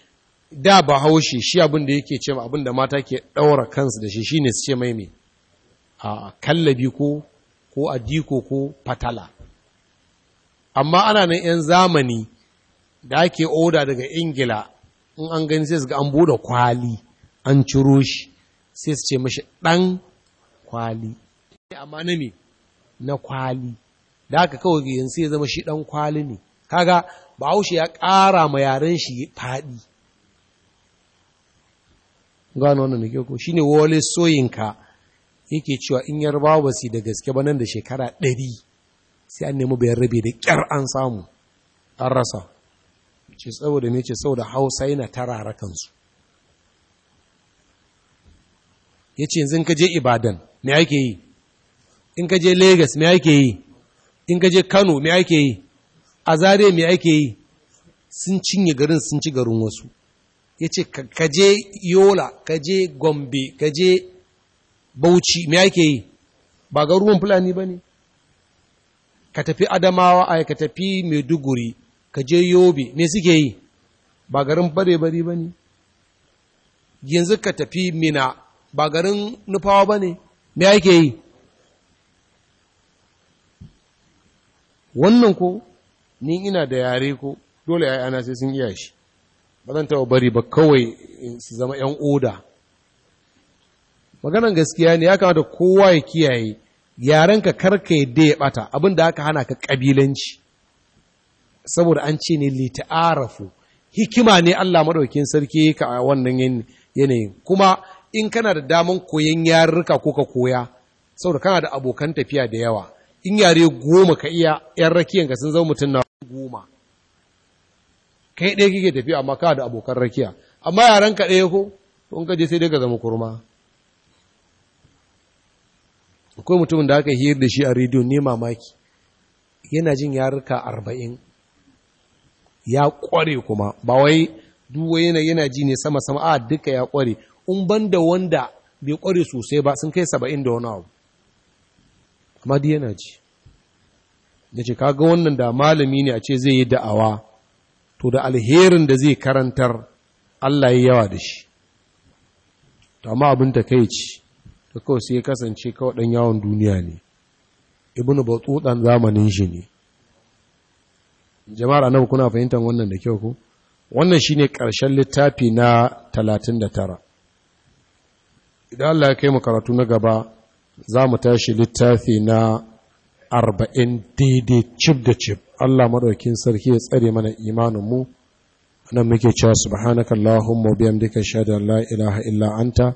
da ba haushi shi abinda yake ce abinda mata ke ɗaura kansu da shi shine su ce mai mai a kallabi ko ko a Diko ko fatala amma ana nan 'yan zamani da ake oda daga ingila in an gani sai su ga an bude kwali an ciro shi sai su ce mashi ɗan kwali amma na me na kwali da aka kawai yanzu sai zama shi ɗan kwali ne kaga bahaushe ya ƙara ma yaren shi faɗi gano wannan da kyau shi ne wale soyinka yake cewa in yarba ba da gaske ba nan da shekara ɗari sai an nemi bayan rabe da ƙyar an samu an rasa ce saboda ne saboda hausa yana tarara kansu ya ce yanzu in ka je ibadan mai ake yi in ka je lagos ake yi in ka je kano mai ake yi a zare mai ake yi sun cinye garin sun ci garin wasu ya ce ka je yola ka je gombe ka je bauchi me yake yi ba ga ruwan fulani ba ne ka tafi adamawa a ka tafi maiduguri ka je yobe me suke yi ba garin bare-bare ba ne yanzu ka tafi mina ba garin nufawa ba ne me yake yi wannan ko ni ina da yare ko dole ya ana sai sun iya shi ba zan taɓa bari ba kawai su zama 'yan oda maganan gaskiya ne ya kamata kowa ya kiyaye yaren ka karka yadda ya bata abin da aka hana ka kabilanci saboda an ce ne lita'arafu hikima ne Allah madaukin sarki ka a wannan yanayin kuma in kana da daman koyon yarurruka ko ka koya saboda kana da abokan tafiya da yawa in yare goma ka iya yan rakiyanka sun zama mutum na goma kai ɗaya kike tafiya amma kana da abokan rakiya amma yarenka ka ɗaya ko in ka je sai dai ka zama kurma akwai mutumin da aka hiyar da shi a rediyo ne mamaki yana jin yaruka arba'in ya kware kuma ba wai duwa yana yana ji ne sama-sama a duka ya kware in ban da wanda bai kware sosai ba sun kai saba'in da wani abu amma dai yana ji da ce kaga wannan da malami ne a ce zai yi da'awa to da alherin da zai karantar Allah ya yawa da shi Ta ma abin takaici kai ka kawai sai ya kasance kawai ɗan yawon duniya ne ibnu batsutan zamanin shi ne jama'ar annabu kuna fahimtar wannan da kyau ku. wannan shine karshen littafi na 39 idan Allah ya kai mu karatu na gaba za mu tashi littafi na 40 daidai cif da cif Allah madaukin sarki ya tsare mana imanin mu nan muke cewa subhanakallahumma wa duka shada la ilaha illa anta